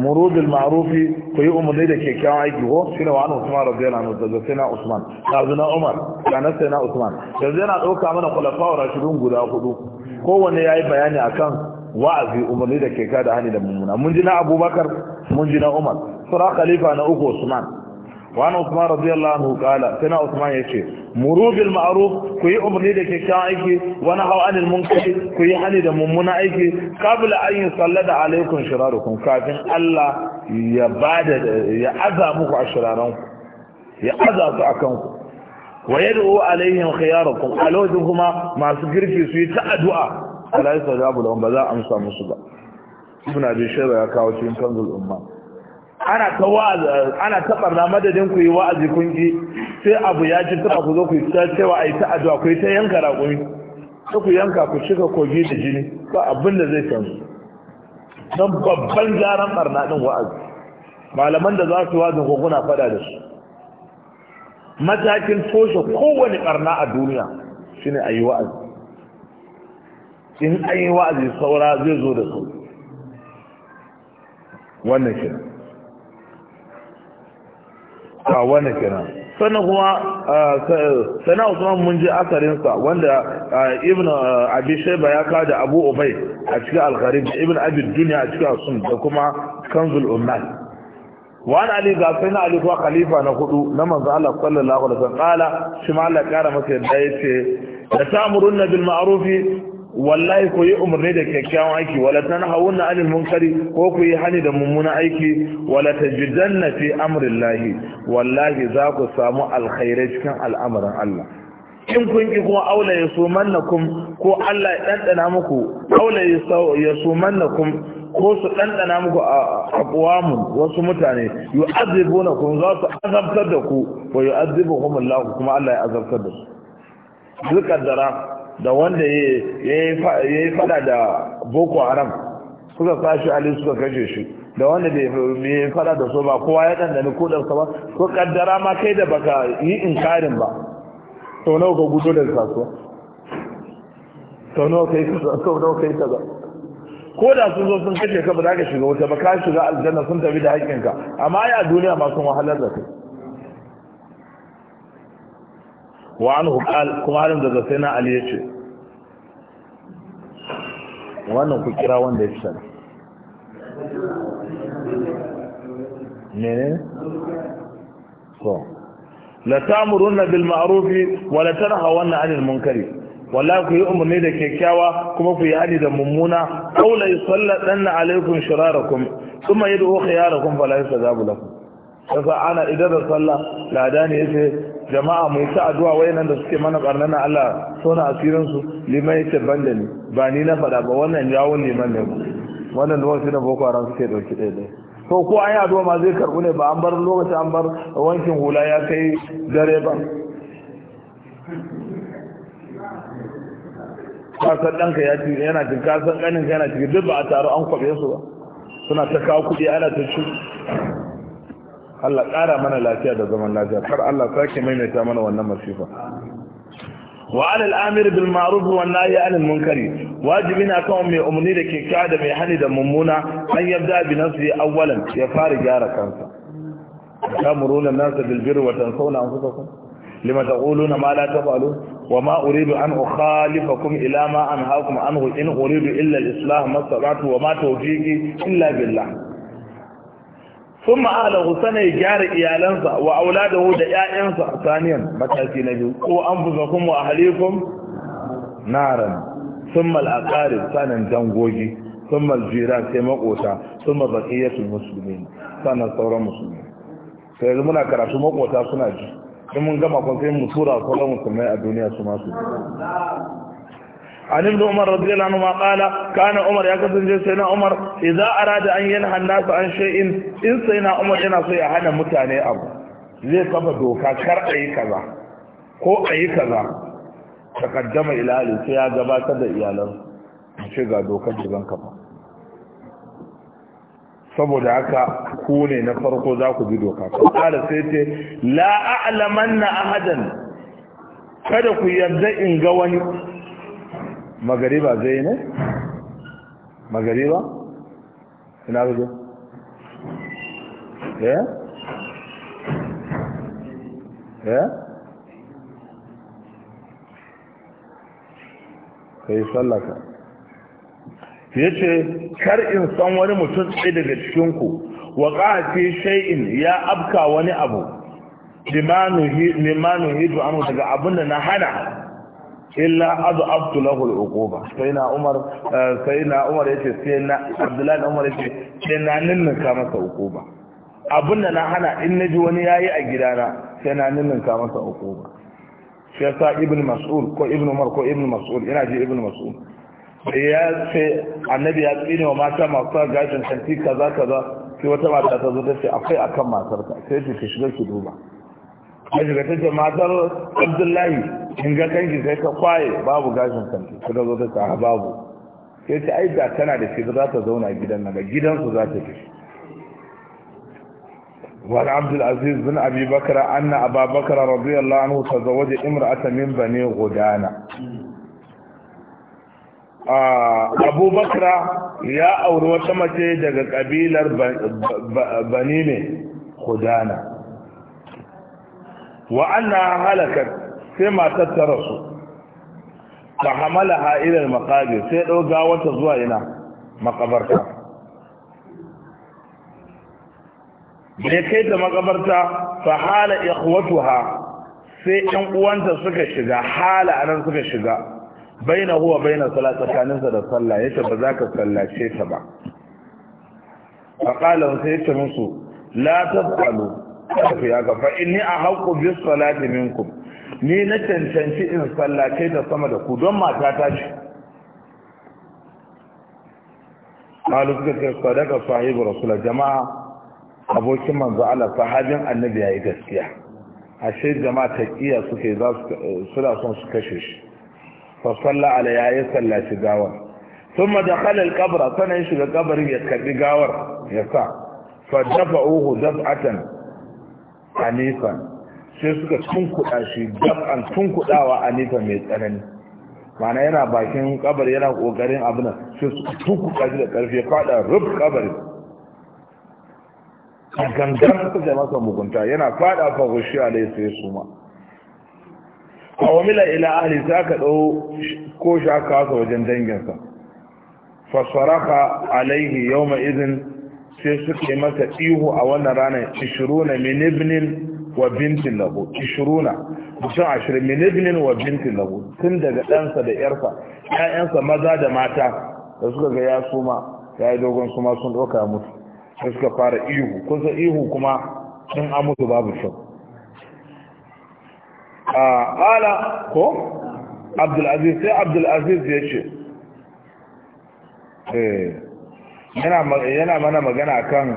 murudul ma'rufi ku yi umarni da kyakkyawan aiki ko shine wa an Usman radiyallahu anhu daga sai na Usman daga na Umar daga sai na Usman yanzu yana ɗauka mana khulafa'ur rashidun guda hudu kowanne yayi bayani akan wa'azi umarni da kyakkyawa da hani da mummuna mun ji na Abubakar mun ji na Umar sura khalifa na uku Usman wani usman radiyallahu anhu kala tana usman yace muru bil ma'ruf ku yi umarni da kyakkyawan aiki wani hau anil munkari ku yi hani da mummuna aiki kabla an yi sallada alaikum shirarukum kafin Allah ya bada ya aza muku a shiraranku ya aza su a kanku wa yad'u alaihim khiyarukum alojin kuma masu girki su yi ta addu'a Allah ya sajabu lahum ba za a amsa musu ba ibn abi shayba ya kawo cikin kanzul umma ana ta wa'azi ana ta barna madadin ku yi wa'azi kun ji sai abu ya ji tura ku zo ku ta cewa ai ta addu'a ku ta yanka raƙumi sai ku yanka ku shiga kogi da jini ba abin da zai samu don babban gyaran barna din wa'azi malaman da za su wazin ku kuna faɗa da su matakin toshe kowane barna a duniya shine ayi wa'azi in an yi wa'azi saura zai zo da sauri wannan shi a wani kenan sannan kuma sana usman mun ji asarinsa wanda ibn abi shaiba ya kada abu ubay a cikin al ibn abi dunya a cikin sun da kuma kanzul ummal wa an ali ga sai na ali kuwa khalifa na hudu na manzo Allah sallallahu alaihi wasallam kala shi ma Allah kara masa yadda yace da ta'muruna bil ma'ruf wallahi ku yi umarni da kyakkyawan aiki wala tanhawunna 'anil munkari ko ku yi hani da mummunan aiki wala ta tajidanna fi amrillahi wallahi za ku samu alkhairai cikin al'amuran Allah in kun ki kuma aula ya yasumannakum ko Allah ya dandana muku aula yasumannakum ko su dandana muku aqwamun wasu mutane yu'azibunakum za su azabtar da ku wa yu'azibuhum Allah kuma Allah ya azabtar da su duk kaddara da wanda ya yi fada da boko haram suka sashi ali suka kashe shi da wanda ya fada da so ba kowa ya ko kudarsa ba ko kaddara ma kai da baka yi inkarin ba sau nawa ka gudu da kasuwa sau nawa yi kaza sau nawa kai kaza ko da sun zo sun kashe ka ba za ka shiga wuta ba ka shiga aljanna sun tafi da haƙƙinka amma ya duniya ma sun wahalar da kai wa an hukal kuma harin da sai na ali ya ce wannan ku kira wanda ya fi ne ne so la tamuruna bil ma'rufi wa la tanhawana 'anil munkari wala ku yi umarni da kyakkyawa kuma ku yi hali da mummuna kaula yi salladan na alaikum shirarakum kuma yi da uku yara kun fala yi sazabu lakum sasa ana idan da sallah ladani ya yace jama'a mai ta addu'a wayannan da suke mana na Allah sona asirin su liman yace banda ne ba ni na fada ba wannan yawo liman ne wannan lokaci da boko haram suke dauki dai dai to ko yi addu'a ma zai karbu ne ba an bar lokaci an bar wankin hula ya kai dare ba kasar ɗanka ya ci yana cikin kasar ƙaninka yana ci duk ba a taro an kwabe su ba suna ta kawo kuɗi ana ta ci Allah ƙara mana lafiya da zaman lafiya kar Allah sake maimaita mana wannan masifa wa alal amir bil ma'ruf wa nahy anil munkari wajibi na kan mai umarni da kyakkyawa da mai hani da mummuna an yabda bi nafsi awwalan ya fara gyara kansa tamuruna nasa bil birri wa tansawna anfusakum lima taquluna ma la taf'alun wa ma uridu an ukhalifakum ila ma anhaakum anhu in uridu illa al islah ma wa ma tawfiqi illa billah sun ma'alahu sana ya gyara iyalansa wa auladahu da ƴaƴansa saniyan mataki na biyu ko an fusa kuma a halikun naran sun mal'aƙarin sanin dangogi sun maljira sai makota sun mazaƙiyyatun musulmi sanin sauran musulmi sai yanzu muna karatu makota suna ji in mun gama kun sai mu tura sauran musulmai a duniya su masu عن ابن عمر رضي الله عنهما قال كان عمر يا كسن سيدنا عمر إذا أراد أن ينهى الناس عن شيء إن سيدنا عمر ينا سوء أحد متعني أبو زي كفا دوكا كر أي كذا ko a yi kaza takaddama ilali sai ya gabatar da iyalan ce ga dokar da kafa saboda haka ku ne na farko za ku bi doka kada sai ce la a'lamanna ahadan kada ku yarda in ga wani magariba zai ne magariba ina gudu ya ya Ka yi sallaka ya ce kar in san wani mutum tsaye daga cikinku wa ƙafi shay'in ya abka wani abu limanu hidu anu daga abinda na hana illa azu abtu lahu al-uquba sai na umar eh, sai na umar yace sai na abdullahi umar yace sai na ninninka masa uquba abinda na hana in naji wani yayi a gidana sai na ninninka masa uquba shi yasa ibn mas'ud ko ibn umar ko ibn mas'ud ina ji ibn mas'ud sai ya ce annabi ya tsine wa mata masu gashin kanti kaza kaza sai wata mata ta zo ta ce akwai akan matarka sai ta shiga ki duba shiga ta ce matar abdullahi in ga kanki sai ka kwaye babu gashin kanki su da zo ta tsaha babu sai ta aida tana da shi za ta zauna gidan nan ga gidansu za ta fi وعن عبد العزيز بن ابي بكر ان ابا بكر رضي الله عنه تزوج امراه من بني غدانه abu bakra ya auri wata mace daga kabilar bani ne kudana wa anna halakat sai matar ta rasu fa hamala ila al-maqabir sai dau wata zuwa ina makabarta da kai ta makabarta fa hala ikhwatuha sai ɗan uwanta suka shiga hala anan suka shiga baina huwa baina sala tsakaninsa da sallah yace ba za ka sallace ta ba fa qala sai yace musu la tafalu ku ya ga fa inni ahqqu bi salati minkum ni na cancanci in sallace ta sama da ku don mata ta ci qalu suka ce sadaka sahibu rasul jama'a abokin manzo Allah sahabin annabi yayi gaskiya ashe jama'a ta kiya suke za su suna son su kashe shi fa salla ala yayi sallaci gawar ثم دخل القبر سنه يشغل قبر يكبي غاور يسا فدفعوه دفعه anifan sai suka tunkuɗa shi an tunkuɗawa anifan mai tsanani mana yana bakin kabar yana ƙoƙarin abinan sai suka tunkuɗa shi da ƙarfi ya faɗa rub kabari gangan suka masa mugunta yana faɗa fa a alai sai su ma awamila ila ahli sai aka ɗau ko shi aka wajen danginsa fasaraka alaihi ma izin. sai suke masa ihu a wannan ranar ishiruna min wa bintin lahu ishiruna mutum ashirin min wa bintin lahu tun daga ɗansa da ƴarsa ƴaƴansa maza da mata da suka ga ya suma ya yi dogon suma sun ɗauka mutu sai suka fara ihu kun san ihu kuma sun amutu babu kyau a ala ko abdulaziz sai abdulaziz ya ce eh, yana mana magana kan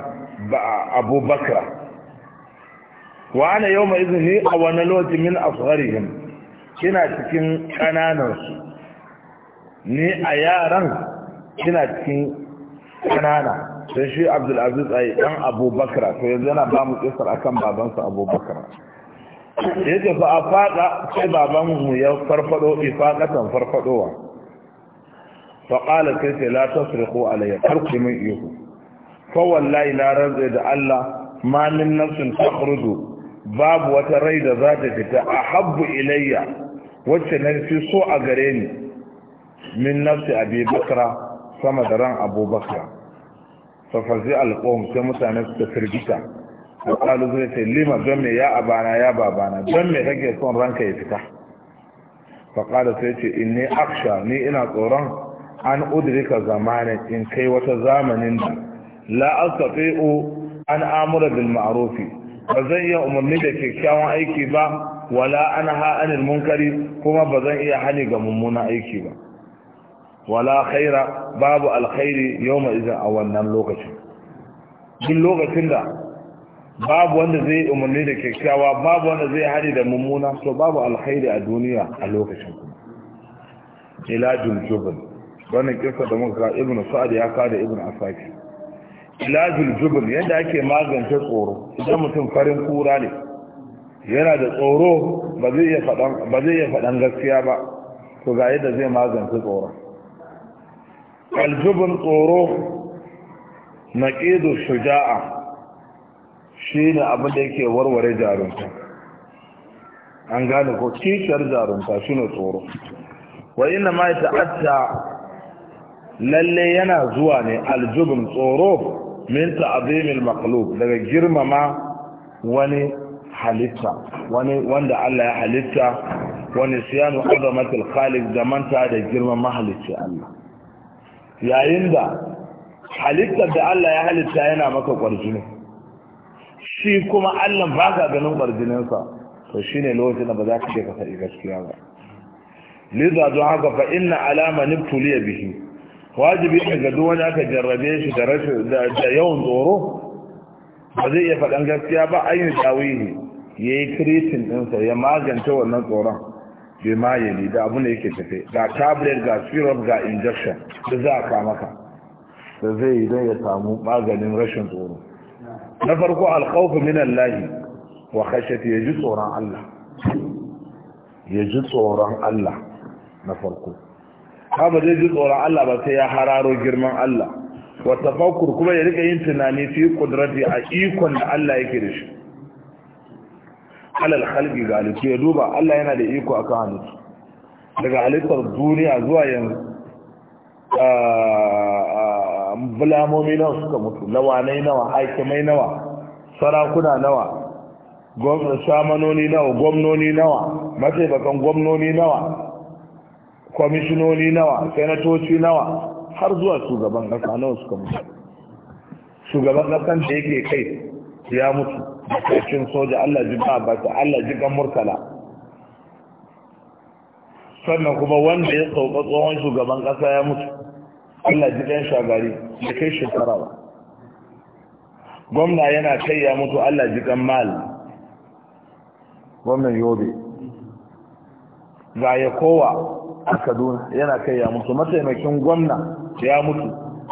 abubakar wa ana yau mai izini a wani lokacin min afgharihim kina cikin kananansu ni a yaran kina cikin kanana sai shi abdulaziz a yi ɗan abubakar to yanzu yana ba mu kisar akan babansa abubakar ya ce fa a faɗa sai babanmu ya farfado ifaƙatan farfadowa faƙala sai sai la tasriqu alayya kar ihu fa wallahi na rantsa da Allah ma min nafsin takardu babu wata rai da za ta fita habbu ilayya wacce na fi so a gare ni min nafsi abi bakra sama da ran abubakar fa fazi sai mutane su ta firgita da kalu zai ce lima don me ya abana ya babana don me kake son ranka ya fita fa kala sai ce ni aksha ni ina tsoron an udrika zamanin in kai wata zamanin da la astati'u an amura bil ma'rufi ba zan iya umarni da kyakkyawan aiki ba wala anha anil munkari kuma ba zan iya hani ga mummunan aiki ba wala khaira babu alkhairi yawma idan a wannan lokacin duk lokacin da babu wanda zai yi umarni da kyakkyawa babu wanda zai hari da mummuna to babu alkhairi a duniya a lokacin kuma ila jumjubin. wannan kisa da muka ibn sa'ad ya kada ibn asaki ilajul jubn yadda ake magance tsoro idan mutum farin kura ne yana da tsoro ba zai iya faɗan gaskiya ba to ga yadda zai magance tsoro aljubn tsoro na naqidu shuja'a ne abin da yake warware jarumta an gane ko kishar jarumta ne tsoro wa inna ma ta'atta lalle yana zuwa ne aljubun tsoro min ta'zimil maqlub daga girmama wani halitta wani wanda Allah ya halitta wani siyanu azamatul khaliq da manta da girmama halitta Allah yayin da halittar da Allah ya halitta yana maka kwarjini shi kuma Allah ba ka ganin kwarjininsa to shine lokacin da ba za ka je ka faɗi gaskiya ba liza don haka fa ina alama nibtuliya bihi wajibi ne ga duk wani aka jarrabe shi da rashin da yawan tsoro ba zai iya faɗan gaskiya ba ayin tawili ya yi kiritin ɗinsa ya magance wannan tsoron bai ma yali da abu da yake tafe ga tablet ga syrup ga injection da za a maka da zai yi don ya samu maganin rashin tsoro na farko alkhawfu min Allah wa khashyati ya ji Allah ya ji tsoron Allah na farko ba zai ji tsoron Allah ba sai ya hararo girman Allah wa tafakkur kuma ya rika yin tunani fi qudrati a ikon da Allah yake da shi alal khalqi galiki ya duba Allah yana da iko akan halittu daga halittar duniya zuwa yanzu bulamomi nawa suka mutu lawanai nawa mai nawa sarakuna nawa shamanoni nawa gwamnoni nawa mataimakan gwamnoni nawa kwamishinoni nawa senatoci nawa har zuwa shugaban ƙasa nawa suka mutu shugaban ƙasan da yake kai ya mutu da soja Allah ji ba ba Allah ji kan murtala sannan kuma wanda ya sauka tsohon shugaban ƙasa ya mutu Allah ji ɗan shagari da kai shekara ba gwamna yana kai ya mutu Allah ji kan mal gwamnan yobe ga ya kowa a kaduna yana kai ya mutu mataimakin gwamna ya mutu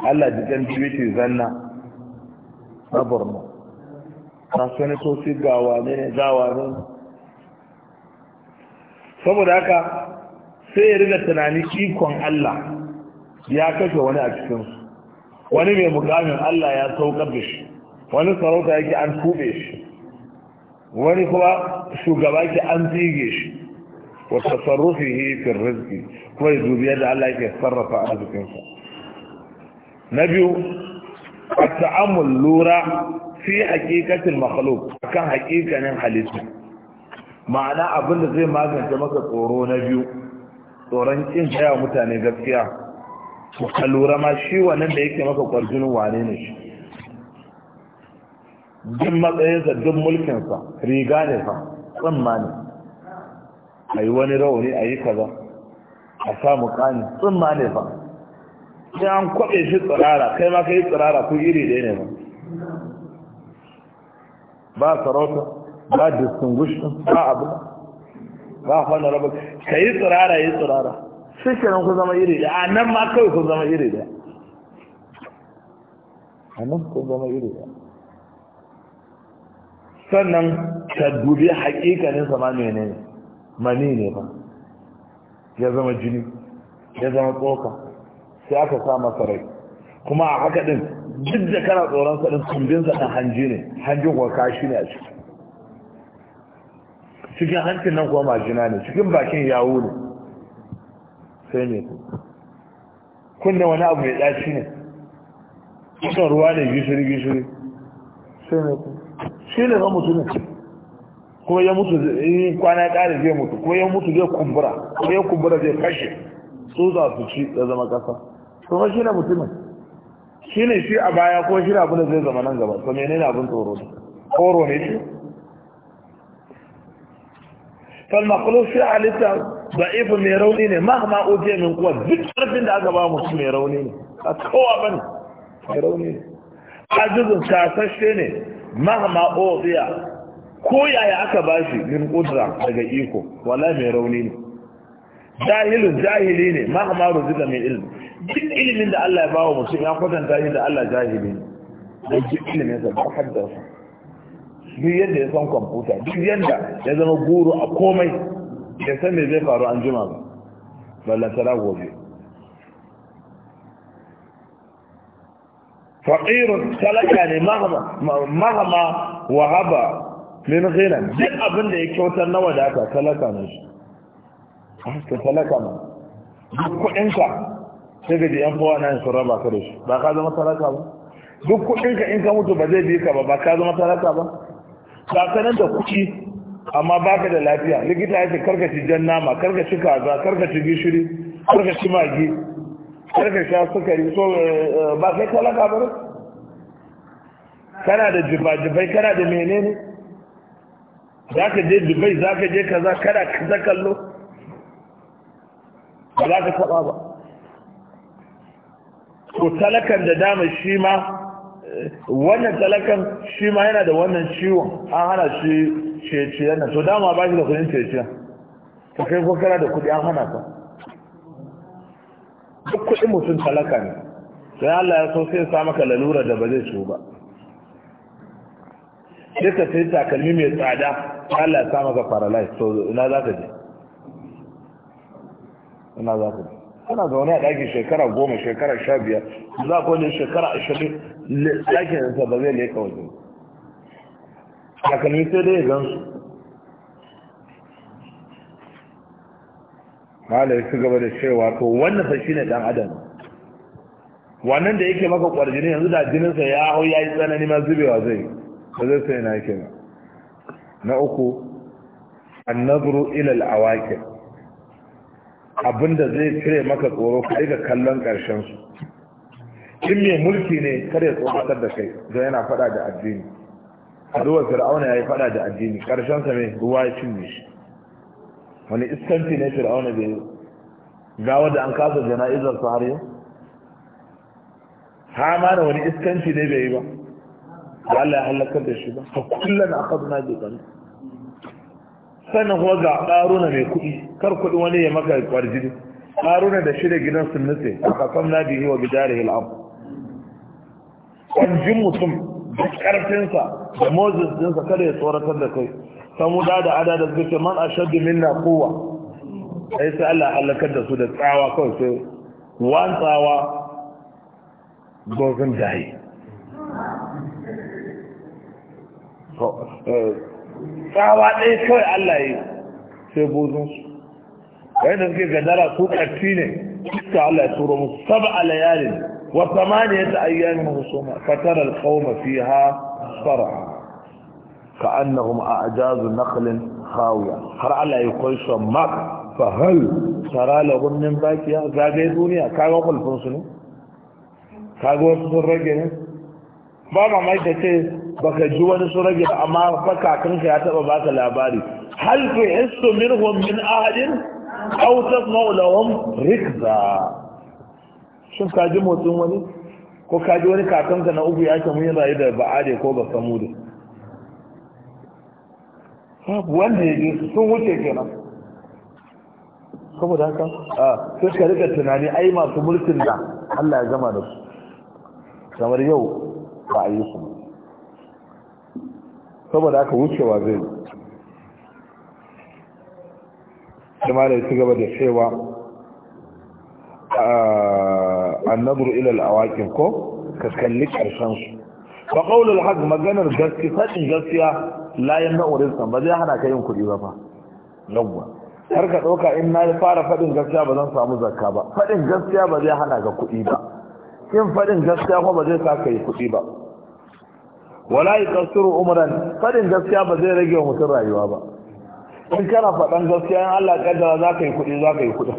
allah jikan ce, zanna na borno kasuwanitoci gawane ne gawane saboda haka sai ya rina tunani ikon allah ya kashe wani a cikinsu wani mai mukamin allah ya saukar da shi wani sarauta yake an kube shi wani kuma shugaba ke an tsige shi wa tasarrufihi fi rizqi kuma ya dubi yadda Allah yake sarrafa arzikinsa na biyu at-ta'ammul lura fi haqiqatil makhluq kan haqiqanin halittu. ma'ana abin da zai magance maka tsoro na biyu tsoron kin tsaya mutane gaskiya to ka lura ma shi wannan da yake maka kwarjinin wane ne shi duk matsayinsa duk mulkinsa riga ne fa tsamma ne a yi wani rauni a yi kaza a sa sun ma ne ba. sai an kwaɓe shi tsirara kai ma ka yi tsirara ku iri ɗaya ne ba ba sarauta ba distinguishin ba abu ba wani raba ka yi tsirara yi tsirara shi nan ku zama iri ɗaya a nan ma kawai ku zama iri ɗaya a nan ku zama iri ɗaya sannan ka dubi haƙiƙanin sama menene ne mani ne ba ya zama jini ya zama tsoka sai aka sa masa rai kuma a haka din duk da kana tsoron sa din kumbinsa ɗan hanji ne hanjin kuwa kashi ne a ciki cikin hancin nan kuwa majina ne cikin bakin yawo ne sai ne ku da wani abu mai ɗaci ne cikin ruwa ne gishiri gishiri sai ne ku shi ne ga mutumin ko ya mutu kwana kare zai mutu ko ya mutu zai kumbura ko ya kumbura zai fashe su za su ci da zama ƙasa ma shi ne mutumin shi ne shi a baya ko shi abin da zai zama nan gaba to ne abin tsoro tsoro ne shi fal maqlub shi alita da'if mai rauni ne o je min kuwa duk karfin da aka ba mutum mai rauni ne a kowa bane mai rauni ne ajizun kasashe ne o ujiya ko yaya aka ba shi min kudra daga iko wala mai rauni ne jahilun jahili ne ma amma ruzuka mai ilmi duk ilimin da Allah ya ba wa mutum ya kwatanta shi da Allah jahili ne don duk ilimin sa ba haddasa duk yadda ya san kwamfuta duk yadda ya zama guru a komai ya san me zai faru an jima ba ballantara gobe faƙirun talaka ne mahama wahaba min ghina duk abin da ya kyautar na wadata talaka ne shi ka ah, talaka ne duk ka. sai ga yan fawa na su raba ka da shi ba ka zama talaka ba duk ka in ka mutu ba zai bi ka ba ba ka zama talaka ba ba ka nan da kuɗi amma baka da lafiya likita ya ce karka ci jan nama karka ci kaza karka ci gishiri karka ci magi karka sha sukari so eh, eh, ba kai talaka ba kana da jibajibai kana da menene za ka je dubai za ka je kaza kada ka za kallo ba za ka taba ba ko talakan da dama shi ma wannan talakan shi ma yana da wannan ciwon an hana shi ceciyar nan to dama ba shi da kudin ceciyar ka kai ko kana da kudi an hana ka duk kudin mutum talaka ne sai Allah ya so sai ya sa maka lalura da ba zai ciwo ba sai ka sai takalmi mai tsada Allah ya sa maka paralyze so ina za ka je ina za ka je kana zaune a ɗakin shekara goma shekara sha biyar za ka wani shekara ashirin ɗakin sa ba zai leka waje takalmi sai dai ya gansu Malam ya ci gaba da cewa to wannan fa shine dan adam wannan da yake maka kwarjini yanzu da jininsa ya hau ya yi tsanani ma zubewa zai yi ba zai sai na yake ba na uku annabru ilal awaki abinda zai cire maka tsoro ka ga kallon karshen su in mai mulki ne kar ya tsoratar da kai don yana fada da addini aduwar fir'auna ya yi fada da addini karshen sa mai ruwa ya cinye shi wani iskanci ne fir'auna bai gawa da an kasa jana'izar su har yau ha ma da wani iskanci ne bai yi ba ba Allah ya halakar da shi ba fa kullun akhadna bi dhanbi sannan kuma ga ƙaruna mai kuɗi kar kuɗi wani ya maka kwarjini ƙaruna da shi da gidan sun nutse a kam na bihi wa bidare hil'am kwanjin mutum da ƙarfinsa da moses dinsa kada ya tsoratar da kai samu da da adada da zuke man a minna kowa sai sai allah halakar da su da tsawa kawai sai wan tsawa gozin dai Eh, tsawa ɗaya kawai Allah ya yi sai bozonsu yayin da suke gadara su ƙarfi ne iska Allah ya turo musu saba a layalin wa samaniyata ayyamin husuma fatara alqauma fiha sar'a كأنهم أعجاز نخل خاوية هر على يقول شمك فهل ترى لهم من باكيا زاقي دنيا كاغو wasu sun rage سر ba mamaki da ce. baka ji wani surage rage ba amma bakakanka ya taba baka labari hal fi istu minhum min ahadin aw tasma'u lahum rikza shin ka ji motsin wani ko ka ji wani kakanka na uku ya ce mun rayu da ba'ade ko ba da babu wanda ya ji sun wuce kenan saboda haka a sai ka rika tunani ai masu mulkin da Allah ya gama da su kamar yau ba a yi su saboda aka wucewa zai kuma da ci gaba da cewa ah, annabru ila ilal awakin ko ka kalli karshen su ba ƙaunar haqq maganar gaskiya fadin gaskiya layan yamna'u rizqan ba zai hana ka yin kudi ba fa yawwa har ka ɗauka in na yi fara faɗin gaskiya ba zan samu zakka ba Faɗin gaskiya ba zai hana ga kudi ba yin faɗin gaskiya kuma ba zai sa ka yi kudi ba wala yuqsiru umran fadin gaskiya ba zai rage mutum rayuwa ba in kana fadan gaskiya in Allah kaddara zaka yi kudi zaka yi kudi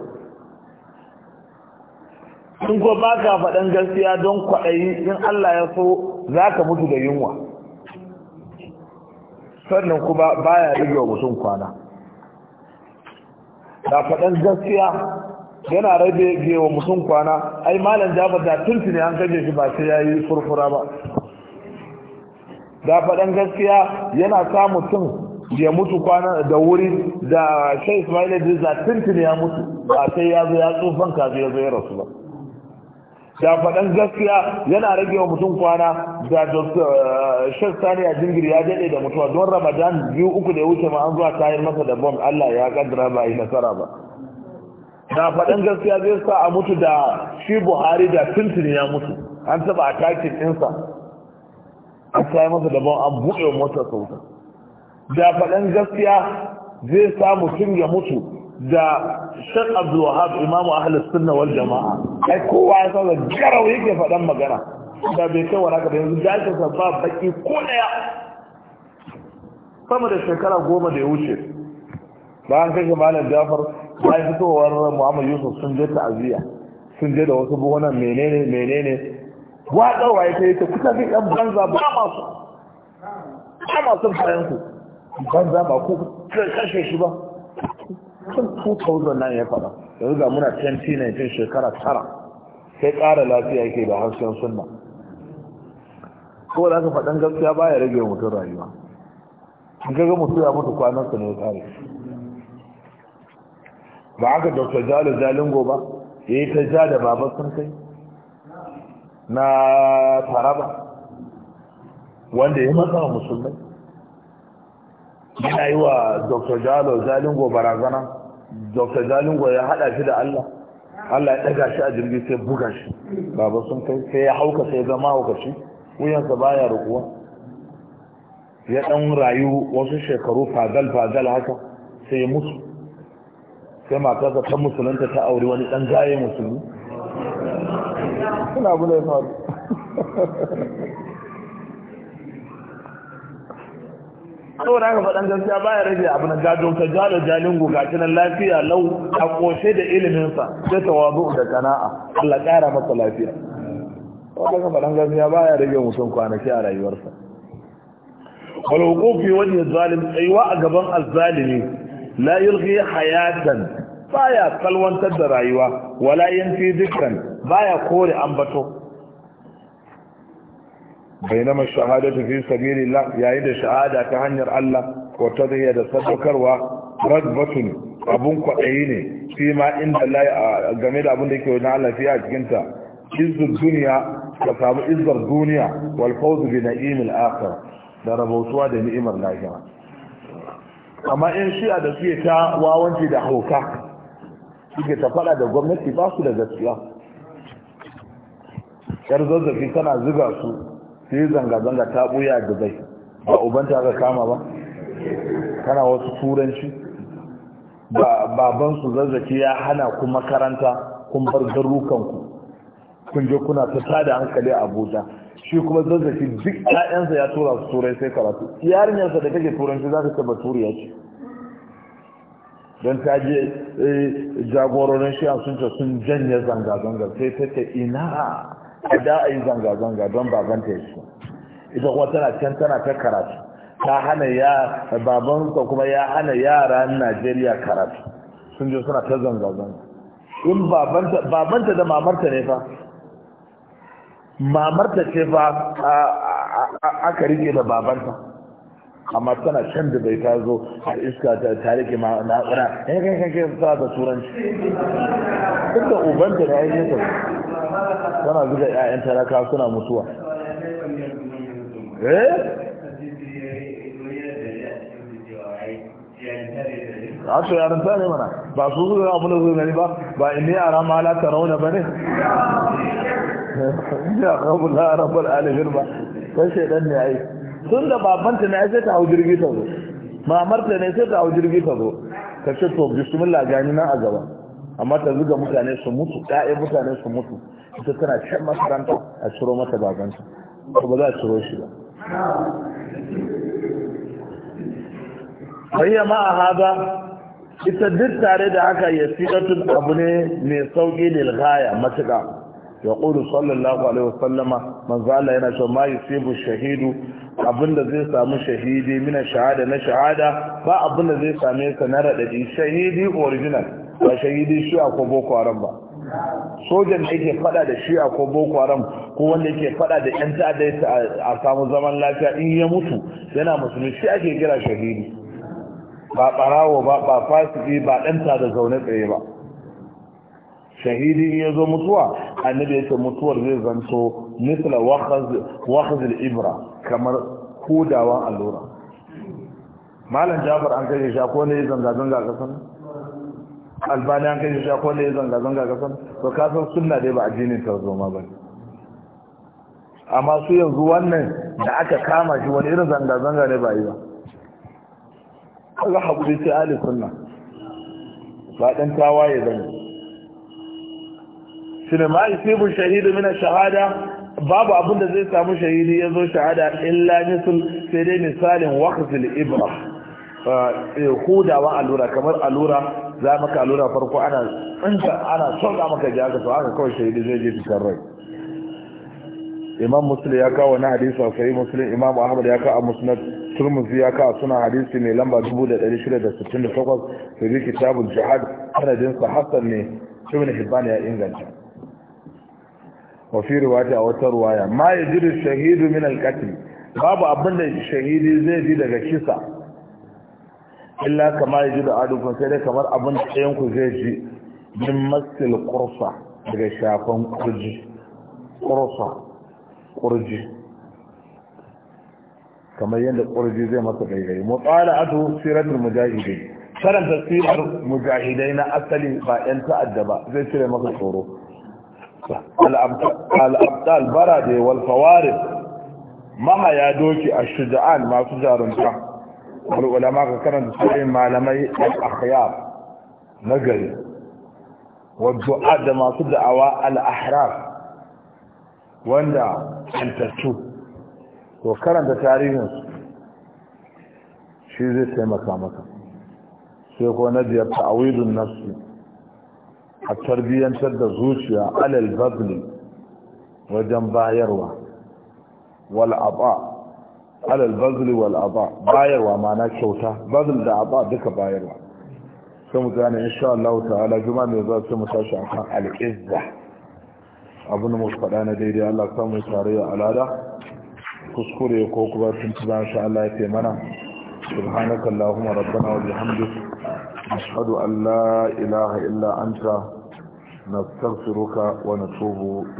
in ko baka fadan gaskiya don kwaɗayi in Allah ya so zaka mutu da yunwa sannan kuma baya rage wa mutum kwana da fadan gaskiya yana rage wa mutum kwana ai malam jabar da tuntuni an kaje shi ba sai yayi furfura ba da faɗan gaskiya yana sa mutum ya mutu kwana da wuri da shai ismail idrisa tuntun ya mutu ba sai ya zo ya tsufan ya zo rasu ba da faɗan gaskiya yana rage wa mutum kwana da eh, shai sani a jingiri ya daɗe da mutuwa don ramadan biyu uku da ya wuce ma an zuwa tayar masa da bom allah ya kaddara ba yi nasara ba da faɗan gaskiya zai sa a mutu da shi buhari da tuntun ya mutu an taɓa a takin ɗinsa a kayi masa daban an buɗe motar sauta da faɗin gaskiya zai samu tun ya mutu da shan abdulwahab imamu ahalus suna wal jama'a ai kowa ya saba garau yake faɗan magana da bai kai wani da yanzu gashin ba baki ko ɗaya sama da shekara goma da ya wuce bayan kashe malam jafar ya fitowar muhammad yusuf sun je aziya sun je da wasu buhunan menene menene watsawa ya kai ta kusa fi ɗan banza ba masu ba masu bayan ku banza ba ku kashe shi ba sun nan ya fada yanzu ga muna 2019 shekara tara sai ƙara lafiya ke da harshen sunna ko da aka faɗin gaskiya ba ya rage mutum rayuwa in ga mutum ya mutu su ne ya ƙare ba aka dr jalo jalingo ba ya yi ta ja da baban sun kai na taraba wanda ya matsa musulmai yana yi wa dr jalo zalingo barazana dr zalingo ya hada shi da allah allah ya daga shi a jirgi sai buga shi baba sun kai sai ya hauka sai zama haukaci wuyansa baya rukuwa ya dan rayu wasu shekaru fadal fadal haka sai ya mutu sai matarsa ta musulunta ta auri wani dan gaye musulmi suna abu da ya faru da haka faɗan gaskiya ya rage abu na gado ka ja da jalingo ga nan lafiya lau a ƙoshe da iliminsa sai tawazu da kana'a Allah ƙara masa lafiya da haka faɗan gaskiya ya rage musun kwanaki a rayuwarsa wal wuqufi ya zalim aiwa a gaban azzalimi la yulghi hayatan Ba ya kalwantar da rayuwa wala yanfi dukkan baya kore ambato bainama shahadatu fi sabilillah yayin da shahada ta hanyar Allah ko ta da sadaukarwa radbatun abun kwaɗayi ne shi ma inda Allah game da abin da yake na Allah fi a cikin ta izzul duniya ka samu izzar duniya wal fawz bi al akhir da rabotuwa da ni'imar lahira amma in shi'a da suke ta wawanci da hauka suke ta faɗa da gwamnati ba su da gaskiya yar zazzafi tana zuga su sai zanga-zanga ta buya da bai ba ubanta ga kama ba tana wasu turanci babansu zazzafi ya hana ku makaranta kun bar garukanku kun je kuna ta tada hankali a abuja shi kuma zazzafi duk ƴaƴansa ya tura su turai sai karatu yarinyarsa da take turanci za ta ce turiya ce don ta je eh, jagororin shi sun ce sun janye zanga-zanga sai ta ina a da a yi zanga-zanga don babanta ya ce ita kuma tana can tana ta karatu ta hana ya babansa kuma ya hana yaran najeriya karatu sun je suna ta zanga-zanga in babanta da mamarta ne fa mamarta ce fa aka rike da babanta amma tana can da bai ta zo a iska ta tarihi ma na'ura ya kankan kai sa da turanci duk da ubanta da ya yi tana zuga ƴaƴan talaka suna mutuwa eh a to yaran ta ne mana ba su zuwa abu da zuwa ne ba ba inni yara rama ala ta rauna ba ne ya rabu na rabbul alamin ba kan shaidan ne ai tun da babanta ne sai ta hau jirgi ta zo mamarta ne sai ta hau jirgi ta zo ka ce to bismillah gani na a gaba amma ta zuga mutane su mutu ɗaya mutane su mutu ita tana can makaranta a ciro mata babanta ko ba za a ciro shi ba bayyana ma a haza ita duk tare da haka ya fitatun abu ne mai sauƙi lilgaya matuƙa ya ƙudu sallallahu alaihi wasallama manzo Allah yana cewa ma yusibu shahidu abinda zai samu shahidi mina shahada na shahada ba abinda zai same sa na raɗaɗi shahidi original ba shahidi shi a ko boko haram ba sojan da yake fada da shi'a ko boko haram ko wanda yake fada da yan ta'adda a samu zaman lafiya in ya mutu yana musulmi shi ake kira shahidi ba barawo ba ba fasiki ba dan da zaune tsaye ba shahidi ya zo mutuwa annabi ya ce mutuwar zai zanto misla wakhaz ibra kamar hudawan allura malam jafar an kai shi ko ne zanga zanga kasan albani an kai shi akwai wanda ya zanga-zanga ga san to kasan suna dai ba addinin tarzoma ba amma su yanzu wannan da aka kama shi wani irin zanga-zanga ne ba yi ba haɓu haƙuri sai ali suna ba ɗan tawaye ba ne shi ne ma'aikibin shahidu mina shahada babu abin da zai samu shahidi ya zo shahada illa nisul sai dai misalin waqtil ibra eh, hudawa allura kamar allura za maka lura farko ana tsinta ana son za maka jaka to haka kawai shaidu zai je fitar rai imam muslim ya kawo na hadisi a sahih muslim imam ahmad ya kawo a musnad turmuzi ya kawo suna hadisi mai lamba 1668 da bi kitabul jihad sa hassan ne ibn hibban ya inganta wa fi riwaya a wata ruwaya ma yajidu shahidu min al babu abin da shahidi zai ji daga kisa illa kama ya ji da adukun sai dai kamar abin da ɗayan zai ji min masil kursa daga shafan kurji kursa kurji kamar yadda kurji zai masa Mu tsara mutsala atu siratul mujahidai karanta sirar mujahidai na asali ba yan ta'adda ba zai cire masa tsoro al-abdal bara da wal Maha ya doki a shuja'an masu jarumta اهل العلماء كانوا يسمعون ما لم الاخيار نقل والدعاء ما صدع اواء الاحرار وانا ان تسوء وكانت تاريخهم شيء زي سيمكا مكا سيكون نجي التعويض النفسي التربية انشد زوجها على البذل وجنبها يروى والعطاء alal bazli wal aba bayarwa mana kyauta bazl da aba duka bayarwa sai mu gane insha Allah ta'ala juma'a ne za su mu tashi akan al-izza abin mu faɗa na daidai Allah samu mu tare ya alada kuskure ko kuma tuntuna insha Allah ya mana subhanaka allahumma rabbana wa bihamdika ashhadu an la ilaha illa anta nastaghfiruka wa natubu